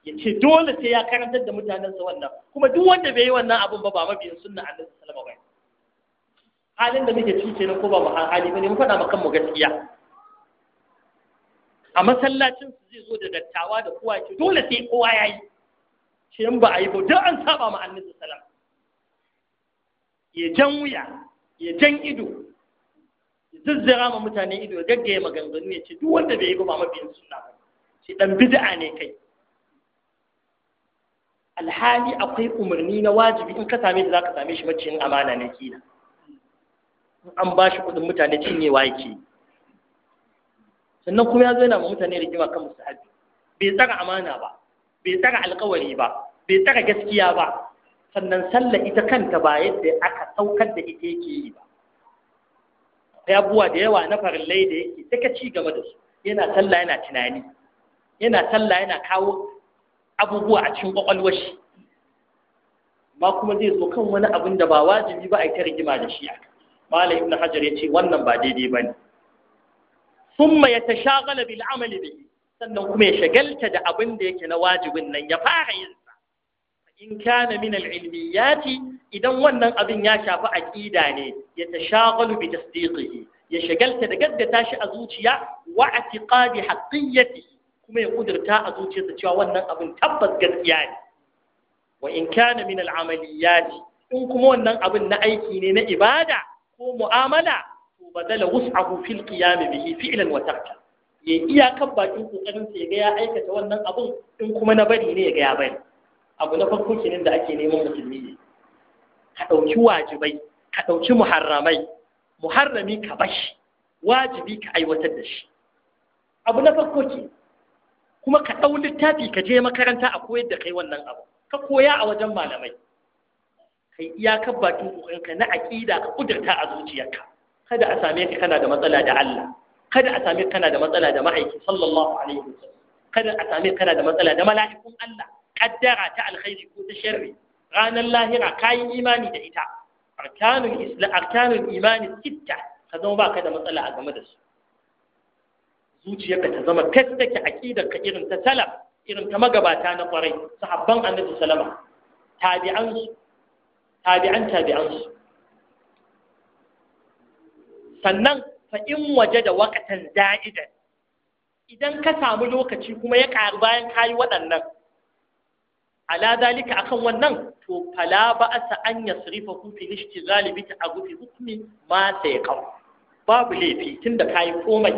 ya ce dole sai ya karantar da mutanen su wannan kuma duk wanda bai yi wannan abin ba ba mabiyin sunna annabi sallallahu alaihi wasallam halin da muke cike na ko ba mu hali bane mu faɗa maka gaskiya a masallacin su zai zo da dattawa da kowa ce dole sai kowa yayi ce in ba a yi ba duk an saba ma annabi sallallahu alaihi wasallam ya jan wuya ya jan ido ya zazzara ma mutane ido ya gaggaya maganganu ya ce duk wanda bai yi ba yin suna ba shi dan bid'a ne kai alhali akwai umarni na wajibi in ka same shi za ka same shi yin amana ne kila in an ba shi kuɗin mutane cinyewa yake sannan kuma ya zo yana ma mutane rigima kan musahabi bai tsara amana ba bai tsara alkawari ba bai tsara gaskiya ba sannan sallah ita kanta ba yadda aka saukar da ita yake yi ba akwai abubuwa da yawa na farillai da yake ka ci gaba da su yana sallah yana tunani yana sallah yana kawo abubuwa a cikin kwakwalwar shi ma kuma zai zo kan wani abin da ba wajibi ba a ta rigima da shi aka malam ibn hajar ya ce wannan ba daidai ba ne summa ya tashagala bil amali bihi sannan kuma ya shagalta da abin da yake na wajibin nan ya fara yin in kana min al idan wannan abin ya shafi aqida ne ya tashaghalu bi tasdiqihi ya shagalta da gaddata shi a zuciya wa i'tiqadi haqqiyyati kuma ya kudurta a zuciyarsa cewa wannan abin tabbas gaskiya ne wa in kana min al in kuma wannan abin na aiki ne na ibada ko mu'amala to badala wus'ahu fil qiyam bihi fi'lan wa tarka ya iya kan bakin kokarin sa ya ga ya aikata wannan abin in kuma na bari ne ya ga ya bari abu na farko kenan da ake neman musulmi ne ka ɗauki wajibai ka ɗauki muharramai muharrami ka bashi wajibi ka aiwatar da shi abu na farko ke kuma ka ɗau littafi ka je makaranta a koyar da kai wannan abu ka koya a wajen malamai ka yi iyakar bakin ƙoƙarinka na aƙida ka ƙudurta a zuciyarka kada a same ka kana da matsala da Allah kada a same ka kana da matsala da ma'aiki sallallahu alaihi wasallam kada a same ka kana da matsala da mala'ikun Allah kaddara ta alkhairi ko ta sharri ranar lahira kayi imani da ita arkanul islam arkanul imani sitta ka zama baka da matsala a game da su zuciyarka ta zama fes take aqidar ka irin ta salaf irin ta magabata na kwarai sahabban annabi sallama tabi'an tabi'an tabi'an su sannan fa in waje da wakatan da'idan idan ka samu lokaci kuma ya ƙaru bayan kayi waɗannan ala dalika akan wannan to fala ba asa an yasrifa ku fi ta abu fi hukmi ma ya kawo babu laifi tunda kai komai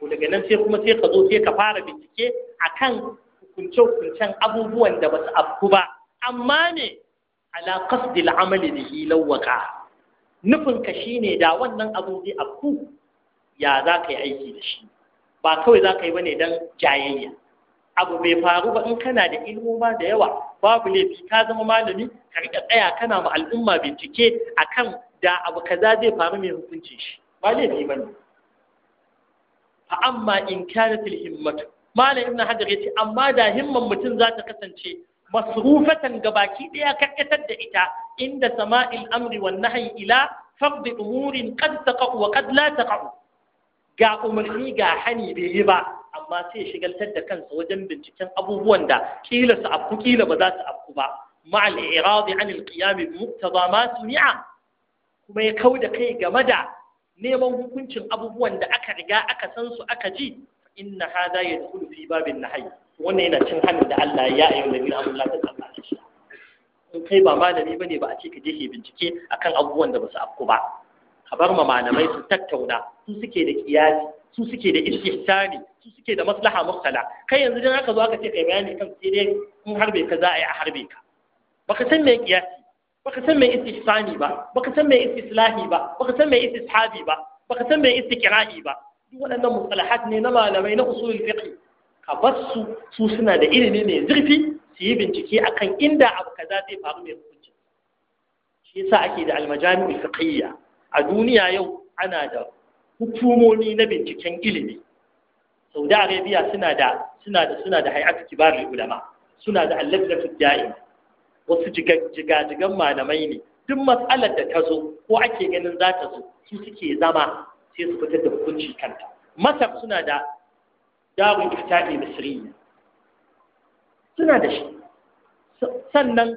to daga nan sai kuma sai ka zo sai ka fara bincike akan hukunce hukuncen abubuwan da ba su afku ba amma ne ala qasdi da bihi lawaka nufin ka shine da wannan abu zai afku ya zaka yi aiki da shi ba kawai zaka ka yi bane dan jayayya abu bai faru ba in kana da ilmoma da yawa babu laifi ka zama malami ka riƙa tsaya kana ma al'umma bincike akan da abu kaza zai faru mai hukuncin shi ba laifi ba ne fa amma in kanat al himmatu malam ibn hajar yace amma da himman mutum za ta kasance masrufatan gabaki daya karkatar da ita inda sama'il amri wan nahyi ila fard umurin qad taqa'u wa qad la ga umarni ga hani bai yi ba amma sai shigaltar da kansa wajen binciken abubuwan da kila su afku kila ba za su afku ba ma'al iradi an alqiyam bi muqtada ma suni'a kuma ya kauda kai game da neman hukuncin abubuwan da aka riga aka san su aka ji inna hada yadkhulu fi babin nahy wannan yana cin hannun da Allah ya ayyuhal ladina amanu la tasallu shi in kai ba malami bane ba a ce ka je ke bincike akan abubuwan da ba su afku ba ka bar ma malamai su tattauna su suke da kiyasi su suke da istihsani su suke da maslaha mursala kai yanzu dan aka zo aka ce kai bayani kan sai dai in harbe ka za a yi a harbe ka baka san me kiyasi baka san me istihsani ba baka san me istislahi ba baka san me istishabi ba baka san me istiqra'i ba duk waɗannan mustalahat ne na malamai na usulul fiqh ka basu su suna da ilimi mai zurfi su yi bincike akan inda abu kaza zai faru mai hukunci shi yasa ake da almajami'ul fiqhiyya a duniya yau ana da hukumomi na binciken ilimi saudi arabia suna da suna da suna da hay'atu kibarul ulama suna da allafatu da'im wasu jigajigan malamai ne duk matsalar da ta zo ko ake ganin za ta zo su suke zama sai su fitar da hukunci kanta masar suna da darun ifta'i misriya suna da shi sannan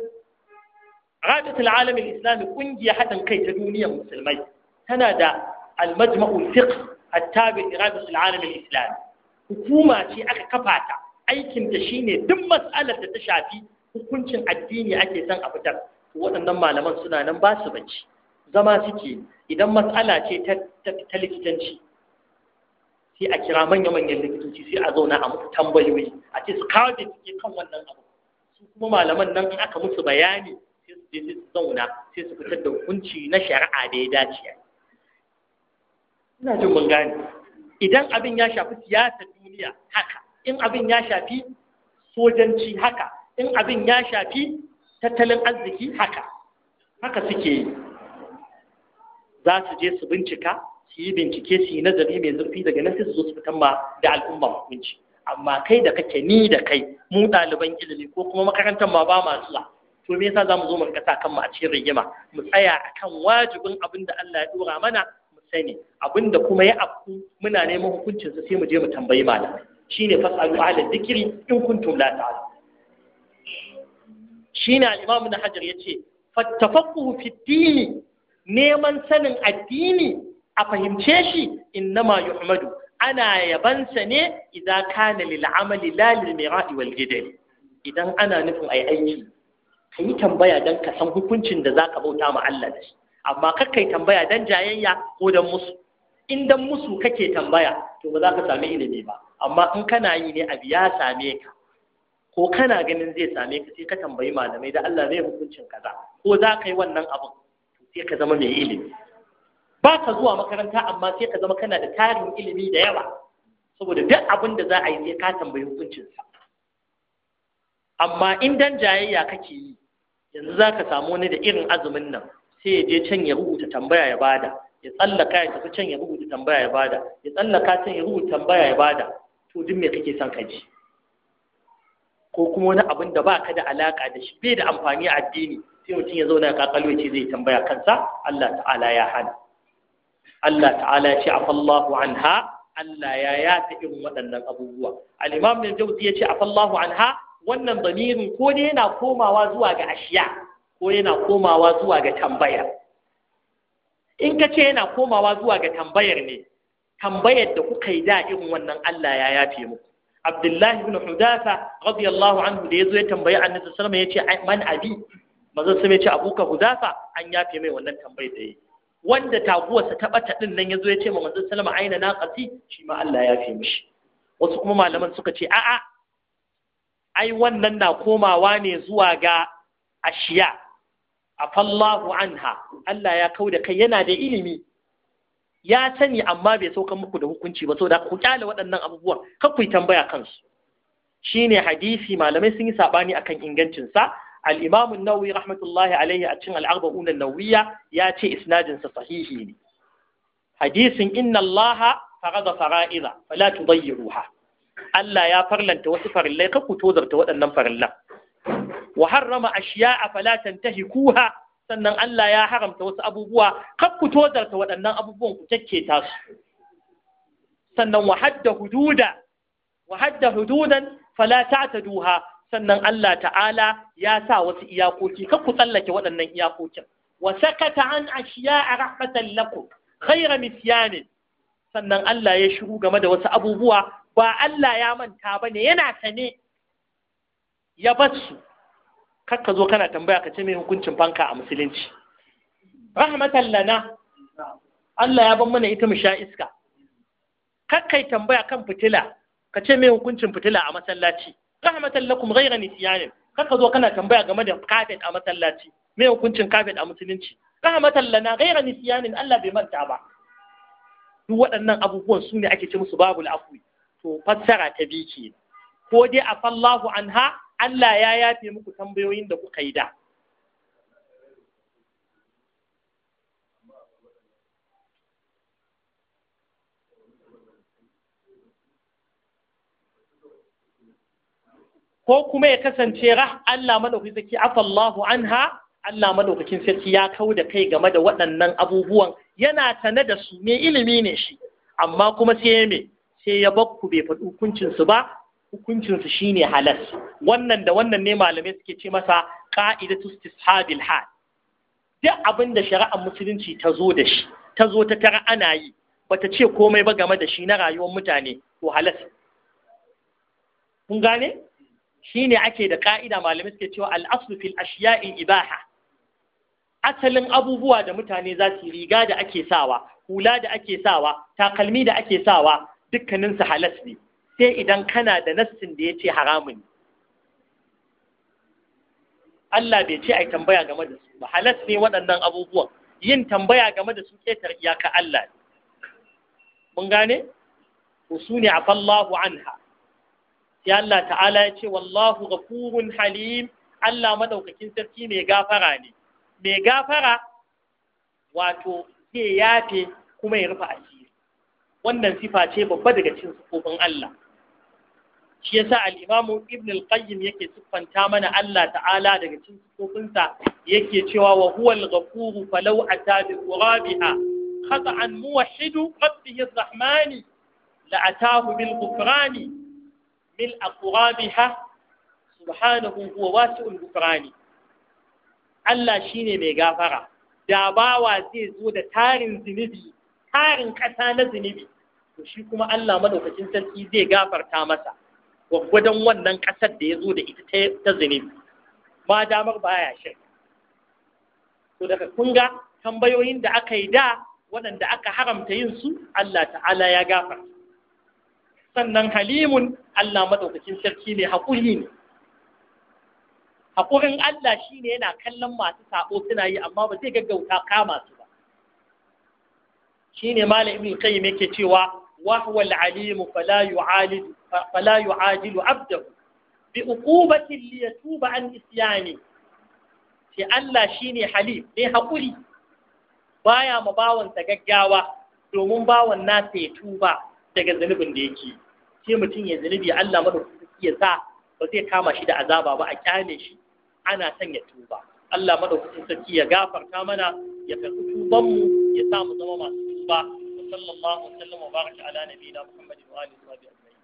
rajatul alamin islami kungiyar haɗin kai ta duniyar musulmai tana da المجمع الفقه التابع لرابط العالم الإسلامي hukuma ce aka kafa ta aikin shine duk mas'alar da ta shafi hukuncin addini ake son a fitar waɗannan malaman suna nan basu su bacci zama suke idan mas'ala ce ta likitanci sai a kira manya-manyan likitoci sai a zauna a musu tambayoyi a kawo da suke kan wannan abu su kuma malaman nan in aka musu bayani sai su je su zauna sai su fitar da hukunci na shari'a da ya dace ina jin mun gane idan abin ya shafi siyasar duniya haka in abin ya shafi sojanci haka in abin ya shafi tattalin arziki haka haka suke yi za su je su bincika su yi bincike su yi nazari mai zurfi daga nan su zo su fitan ma da al'umma hukunci amma kai da kake ni da kai mu ɗaliban ilimi ko kuma makarantar ma ba masu la to me yasa mu zo mu rika sa kanmu a cikin rigima mu tsaya akan wajibin abin da Allah ya dora mana Abin abinda kuma ya afku muna neman hukuncin sai mu je mu tambayi malamai shine fasalu ala dhikri in kuntum la ta'lamun shine al-imam ibn hajar yace fattafaqu fi dini neman sanin addini a fahimce shi innama yuhmadu ana yabansa ne idan kana lil amali la lil mira'i wal jidal idan ana nufin ai aiki kai tambaya dan ka san hukuncin da zaka bauta ma Allah da shi amma kakai tambaya dan jayayya ko dan musu in dan musu kake tambaya to ba za ka sami ilimi ba amma in kana yi ne abu ya same ka ko kana ganin zai same ka sai ka tambayi malamai da Allah zai hukuncin kaza ko za ka yi wannan abu sai ka zama mai ilimi ba ka zuwa makaranta amma sai ka zama kana da tarin ilimi da yawa saboda duk abin da za a yi sai ka tambayi hukuncinsa amma in dan jayayya kake yi yanzu za ka samu wani da irin azumin nan sai ya je can ya rubuta tambaya ya bada ya tsallaka ya tafi can ya rubuta tambaya ya bada ya tsallaka can ya rubuta tambaya ya bada to duk me kake son ka ji ko kuma wani abin da ba ka da alaka da shi bai da amfani a addini sai mutum ya zauna ya kakalo ya ce zai tambaya kansa Allah ta'ala ya hana Allah ta'ala ya ce afallahu anha Allah ya yata irin waɗannan abubuwa al-imam bin jawzi ya ce afallahu anha wannan damirin ko ne yana komawa zuwa ga ashiya ko yana komawa zuwa ga tambaya in ka ce yana komawa zuwa ga tambayar ne tambayar da kuka yi da irin wannan Allah ya yafe muku Abdullahi ibn Hudasa radiyallahu anhu da yazo ya tambayi Annabi sallallahu alaihi wasallam yace man abi manzon sai yace abuka Hudasa an yafe mai wannan tambayar da yi wanda taguwarsa ta bata din nan yazo ya ce ma manzon sallama aina naqati shi ma Allah ya yafe mishi wasu kuma malaman suka ce a'a ai wannan na komawa ne zuwa ga ashiya afallahu anha Allah ya kau da kai yana da ilimi ya sani amma bai saukar muku da hukunci ba saboda ku kyale waɗannan abubuwan kar ku yi tambaya kansu shine hadisi malamai sun yi sabani akan ingancin sa al-Imam an-Nawawi rahmatullahi alaihi a cikin al-Arba'un an-Nawawiyya ya ce isnadin sa sahihi ne hadisin inna Allah farada fara'iza fala tudayyiruha Allah ya farlanta wasu farillai kar ku tozarta waɗannan farillan wa ashiya a fala tantahikuha sannan Allah ya haramta wasu abubuwa kan ku tozarta waɗannan abubuwan ku takketa su sannan wa hadda hududa wa hadda hududan fala duha, sannan Allah ta'ala ya sa wasu iyakoki kan ku tsallake waɗannan iyakokin wa sakata an a rahmatan lakum Khaira misyani sannan Allah ya shiru game da wasu abubuwa ba Allah ya manta bane yana sane ya bar su kakka zo kana tambaya ka ce mai hukuncin fanka a musulunci rahmatan lana Allah ya ban mana ita mu sha iska kakkai tambaya kan fitila ka ce mai hukuncin fitila a masallaci rahmatan lakum ghayra nisyanin kakka zo kana tambaya game da kafet a masallaci mai hukuncin kafet a musulunci rahmatan lana ghayra nisyanin Allah bai manta ba duk waɗannan abubuwan su ne ake ce musu babul afwi to fassara ta biki ko dai afallahu anha Allah ya yafe muku tambayoyin da kuka yi da ko kuma ya kasance rah Allah madaukakin sarki afallahu anha Allah madaukakin sarki ya kau da kai game da waɗannan abubuwan yana tane da su ne ilimi ne shi amma kuma sai ya me sai ya bakku bai faɗi hukuncin su ba hukuncinsu shine halas wannan da wannan ne malamai suke ce masa qa'idatu istishabil hal duk abin da shari'ar musulunci ta zo da shi ta zo ta tara ana yi bata ce komai ba game da shi na rayuwar mutane ko halas kun gane shine ake da ƙa'ida malamai suke cewa al-aslu fil ashiya'i ibaha asalin abubuwa da mutane za su riga da ake sawa hula da ake sawa takalmi da ake sawa dukkaninsu halas ne sai idan kana da nassin da ya ce haramun ne. Allah bai ce a tambaya game da su ba halas ne waɗannan abubuwan yin tambaya game da su ƙetar iyaka Allah ne mun gane Ku su ne an anha sai Allah ta'ala ya ce wallahu ghafurun halim Allah madaukakin sarki mai gafara ne mai gafara wato zai yafe kuma ya rufe asiri wannan sifa ce babba daga cikin sufofin Allah shi yasa al-Imam Ibn al-Qayyim yake siffanta mana Allah ta'ala daga cikin sifofinsa yake cewa wa huwa al-ghafur falau ata bi ghurabiha khata'an muwahhid rabbih ar-rahmani la'atahu bil ghufrani mil aqrabiha subhanahu huwa wasi'ul ghufrani Allah shine mai gafara da bawa zai zo da tarin zunubi tarin ƙasa na zunubi to shi kuma Allah maɗaukacin sarki zai gafarta masa gwaggwadon wannan ƙasar da ya zo da ita ta zunubi ma damar baya shi to daga kunga tambayoyin da aka yi da waɗanda aka haramta yin su Allah ta'ala ya gafarta sannan halimun Allah madaukakin sarki ne haƙuri ne haƙurin Allah shi ne yana kallon masu sabo suna yi amma ba zai gaggauta kama su shine malam ibn qayyim yake cewa wa huwa al-alim fala yu'alid fala yu'adilu abdahu bi uqubati li yatuba an isyani sai Allah shine halim ne hakuri baya ma bawansa gaggawa domin bawon nasa ya tuba daga zanubin da yake sai mutum ya zanubi Allah madaukaki ya sa ba zai kama shi da azaba ba a kyale shi ana son ya tuba Allah madaukakin sarki ya gafarta mana ya karɓi tubanmu ya samu zama masu الله وصلى الله ala وبارك على نبينا محمد وآله وصحبه أجمعين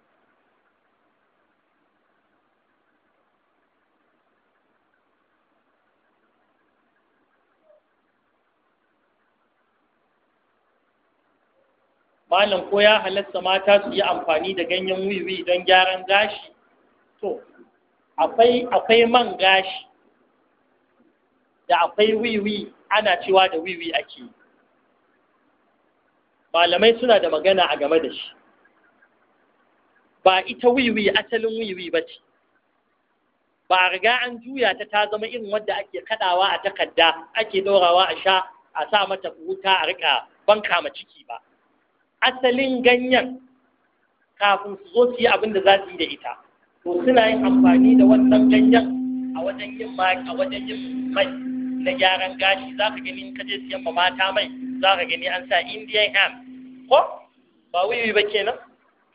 malam ko ya halatta mata su yi amfani da ganyen wiwi don gyaran gashi to akwai akwai man gashi da akwai wiwi ana cewa da wiwi ake malamai suna da magana a game da shi ba ita wiwi asalin wiwi ba ce ba riga an juya ta ta zama irin wadda ake kadawa a takarda ake ɗorawa a sha a sa mata wuta a rika banka ma ciki ba asalin ganyen kafin su zo su yi abin da za su yi da ita to suna yin amfani da wannan ganyen a wajen yin a wajen yin mai na gyaran gashi za ka gani ka je siyan ma mata mai za ka gani an sa indian ko ba wiwi ba kenan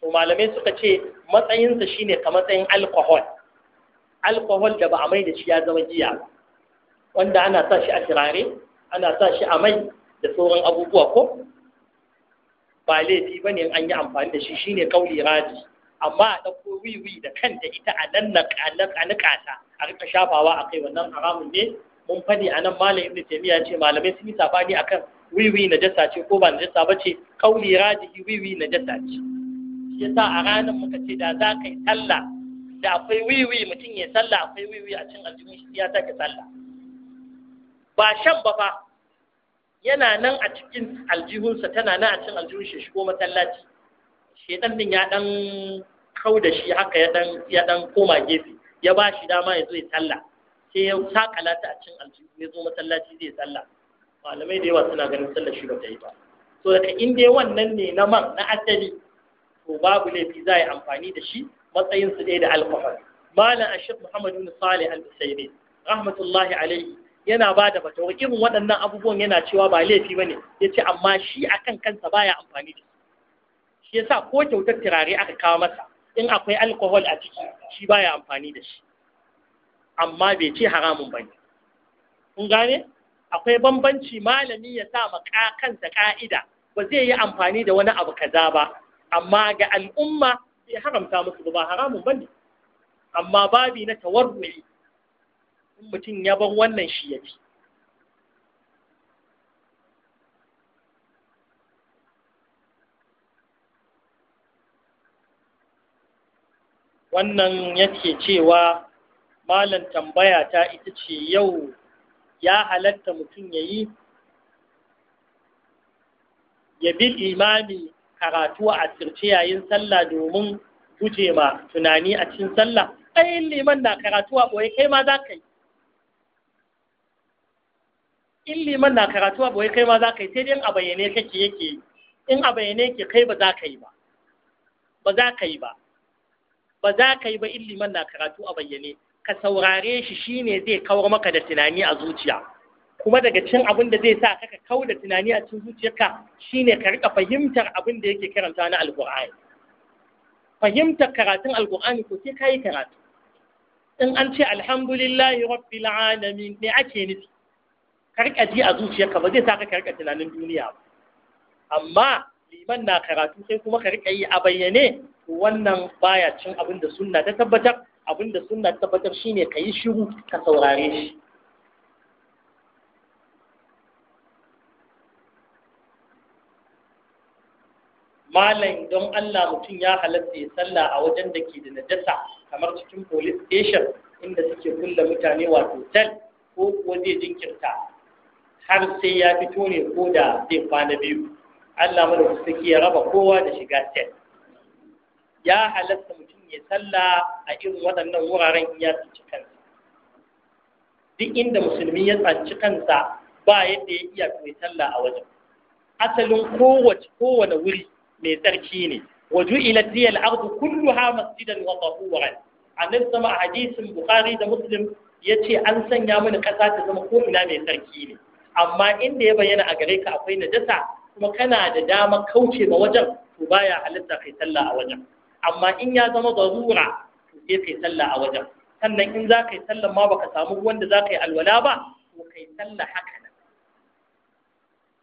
to malamai suka ce matsayinsa shine ka matsayin alkohol alkohol da ba a mai da shi ya zama giya wanda ana sa shi a turare ana sa shi a mai da sauran abubuwa ko ba laifi ba ne an yi amfani da shi shine kauli raji amma a ɗauko wiwi da kanta ita a nan na ta a rika shafawa a kai wannan haramun ne mun faɗi a nan malam ibn miya ce malamai sun yi sabani kan? wiwi na jasa ce ko ba na jasa ba ce kauli rajihi wiwi na jasa ce shi yasa a ranar muka ce da za ka yi sallah da akwai wiwi mutum ya sallah akwai wiwi a cin aljihun shi ya sake sallah ba shan ba fa yana nan a cikin aljihunsa tana nan a cikin aljihun shi ko masallaci dan din ya dan kau da shi haka ya dan ya dan koma gefe ya ba shi dama ya zo ya sallah sai ya sakala a cikin aljihun ya zo masallaci zai sallah malamai da yawa suna ganin sallar shi ba ta yi ba so daga in dai wannan ne na man na asali to babu laifi za a yi amfani da shi matsayin su ɗaya da alkohol malam ashir muhammad bin salih al-usaini rahmatullahi alaihi yana ba da fatawa irin waɗannan abubuwan yana cewa ba laifi ba ne ya ce amma shi a kan kansa baya amfani da su shi yasa ko kyautar turare aka kawo masa in akwai alkohol a ciki shi baya amfani da shi amma bai ce haramun ba ne kun gane akwai bambanci malami ya sa maka kansa ka'ida ba zai yi amfani da wani abu kaza ba amma ga al'umma bai haramta musu ba haramun bane amma babi na tawarruri in mutum ya bar wannan shi ya ci wannan yake cewa malam tambaya ta ita ce yau ya halatta mutum ya yi ya bi imami karatu a asirce yayin sallah domin guje ma tunani a cikin sallah ayin liman na karatu a ɓoye kai ma za ka yi in liman na karatu a ɓoye kai ma za ka yi sai dai a bayyane kake yake in a bayyane ke kai ba za ka yi ba ba za ka yi ba ba za ka yi ba in liman na karatu a bayyane ka saurare shi shine zai kawar maka da tunani a zuciya kuma daga cin abin da zai sa ka ka kau da tunani a cikin zuciyarka shine ka rika fahimtar abin da yake karanta na alkur'ani fahimtar karatun alkur'ani ko sai kayi karatu in an ce alhamdulillahi rabbil alamin ne ake nufi ka ji a zuciyarka ba zai sa ka rika tunanin duniya ba amma liman na karatu sai kuma ka rika yi a bayyane wannan baya cin abin da sunna ta tabbatar abinda suna tabbatar shine ka yi shiru ka saurare shi malam don Allah mutum ya halatta ya sallah a wajen da ke da najasa kamar cikin police station inda suke kulle mutane wato tel ko kuwa zai jinkirta har sai ya fito ne ko da zai kwana biyu Allah madaukaki ya raba kowa da shiga tel ya halatta mutum ke sallah a irin waɗannan wuraren ya tsinci kansa duk inda musulmi ya tsanci kansa ba yadda ya iya kai sallah a wajen asalin kowace kowane wuri mai tsarki ne waju ila diyal ardu kulluha masjidan wa tahuran annabi sama a hadisin bukhari da muslim yace an sanya mini kasa ta zama ko ina mai tsarki ne amma inda ya bayyana a gare ka akwai najasa kuma kana da dama kauce ma wajen to baya halitta kai sallah a wajen amma in ya zama zarura sai kai sallah a wajen sannan in za ka yi sallah ma baka samu ruwan da za ka yi alwala ba to kai sallah haka nan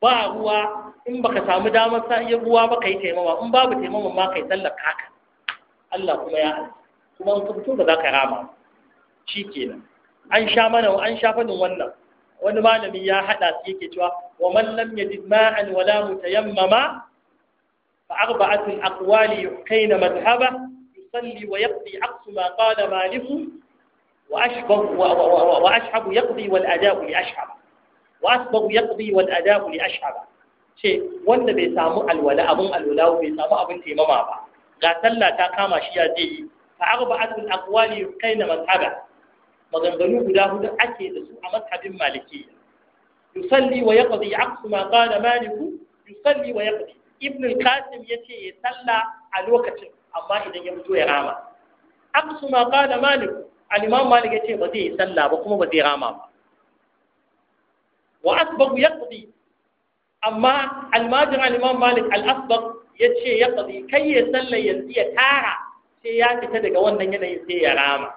ba ruwa in baka samu damar sa ruwa ba yi taimama in babu taimama ma kai sallah haka Allah kuma ya kuma in ka fito ba za ka rama shikenan an sha mana an sha fadin wannan wani malami ya hada su yake cewa wa man lam yajid ma'an wala mutayammama فأربعة الأقوال يحكين مذهبه يصلي ويقضي عكس ما قال مالك وأشبه وأشعب يقضي والأداء لأشعب وأسبغ يقضي والأداء لأشعب شيء وأن بيسامو الولاء أبن الولاء وبيسامو أبن تيمما با غاتلا تاكاما شيا دي فأربعة الأقوال يحكين مذهبه مغنغنو قدا هدى أكي دسو مذهب مالكية يصلي ويقضي عكس ما قال مالك يصلي ويقضي ibn al-qasim yace ya salla a lokacin amma idan ya fito ya rama aqsu ma qala malik al-imam malik yace ba zai salla ba kuma ba zai rama ba wa asbaq yaqdi amma al-majin al-imam malik al-asbaq yace yaqdi kai ya salla yanzu ya tara sai ya fita daga wannan yanayin sai ya rama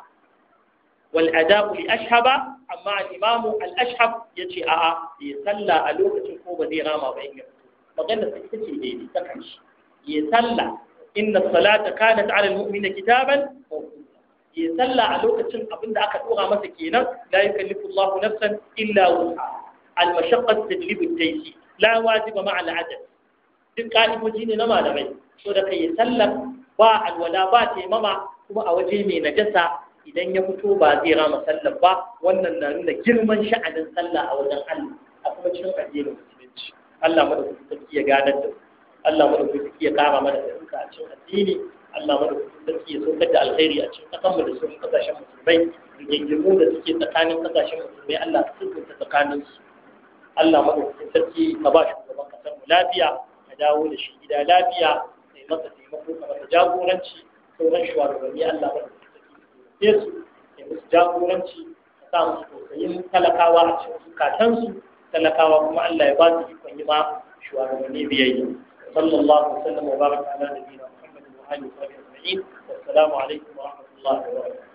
wal adabu li ashhaba amma al-imam al-ashhab yace a'a ya salla a lokacin ko ba zai rama ba in ya fito Maganar da ita ce daidai ta kan shi ya sallah inna salata kanat ala almu'mina kitaban ya sallah a lokacin abinda aka dora masa kenan la yukallifu Allahu nafsan illa wusa al-mashaqqa tajlibu la wajiba ma'a al duk ka'idoji ne na malamai so da kai ya sallah ba alwala ba taimama kuma a waje mai najasa idan ya fito ba zai rama sallah ba wannan na nuna girman sha'anin sallah a wajen Allah a kuma cikin addinin Allah madaukakin sarki ya gadar da Allah madaukakin sarki ya kama mana da a cikin addini Allah madaukakin sarki ya saukar da alheri a cikin kasanmu da sauran kasashen musulmai rigingimu da suke tsakanin kasashen musulmai Allah ka sulhunta tsakanin su Allah madaukakin sarki ka ba shugaban kasar mu lafiya ka dawo da shi gida lafiya sai masa taimako ka masa jagoranci sauran shugabanni Allah madaukakin sarki ya su ya musu jagoranci ka sa musu tausayin talakawa a cikin zukatansu talakawa kuma Allah ya ba su ikon yi ma shugabanni biyayya sallallahu alaihi wa sallam wa baraka ala nabiyina muhammadin wa alihi wa sahbihi assalamu alaikum wa rahmatullahi wa barakatuh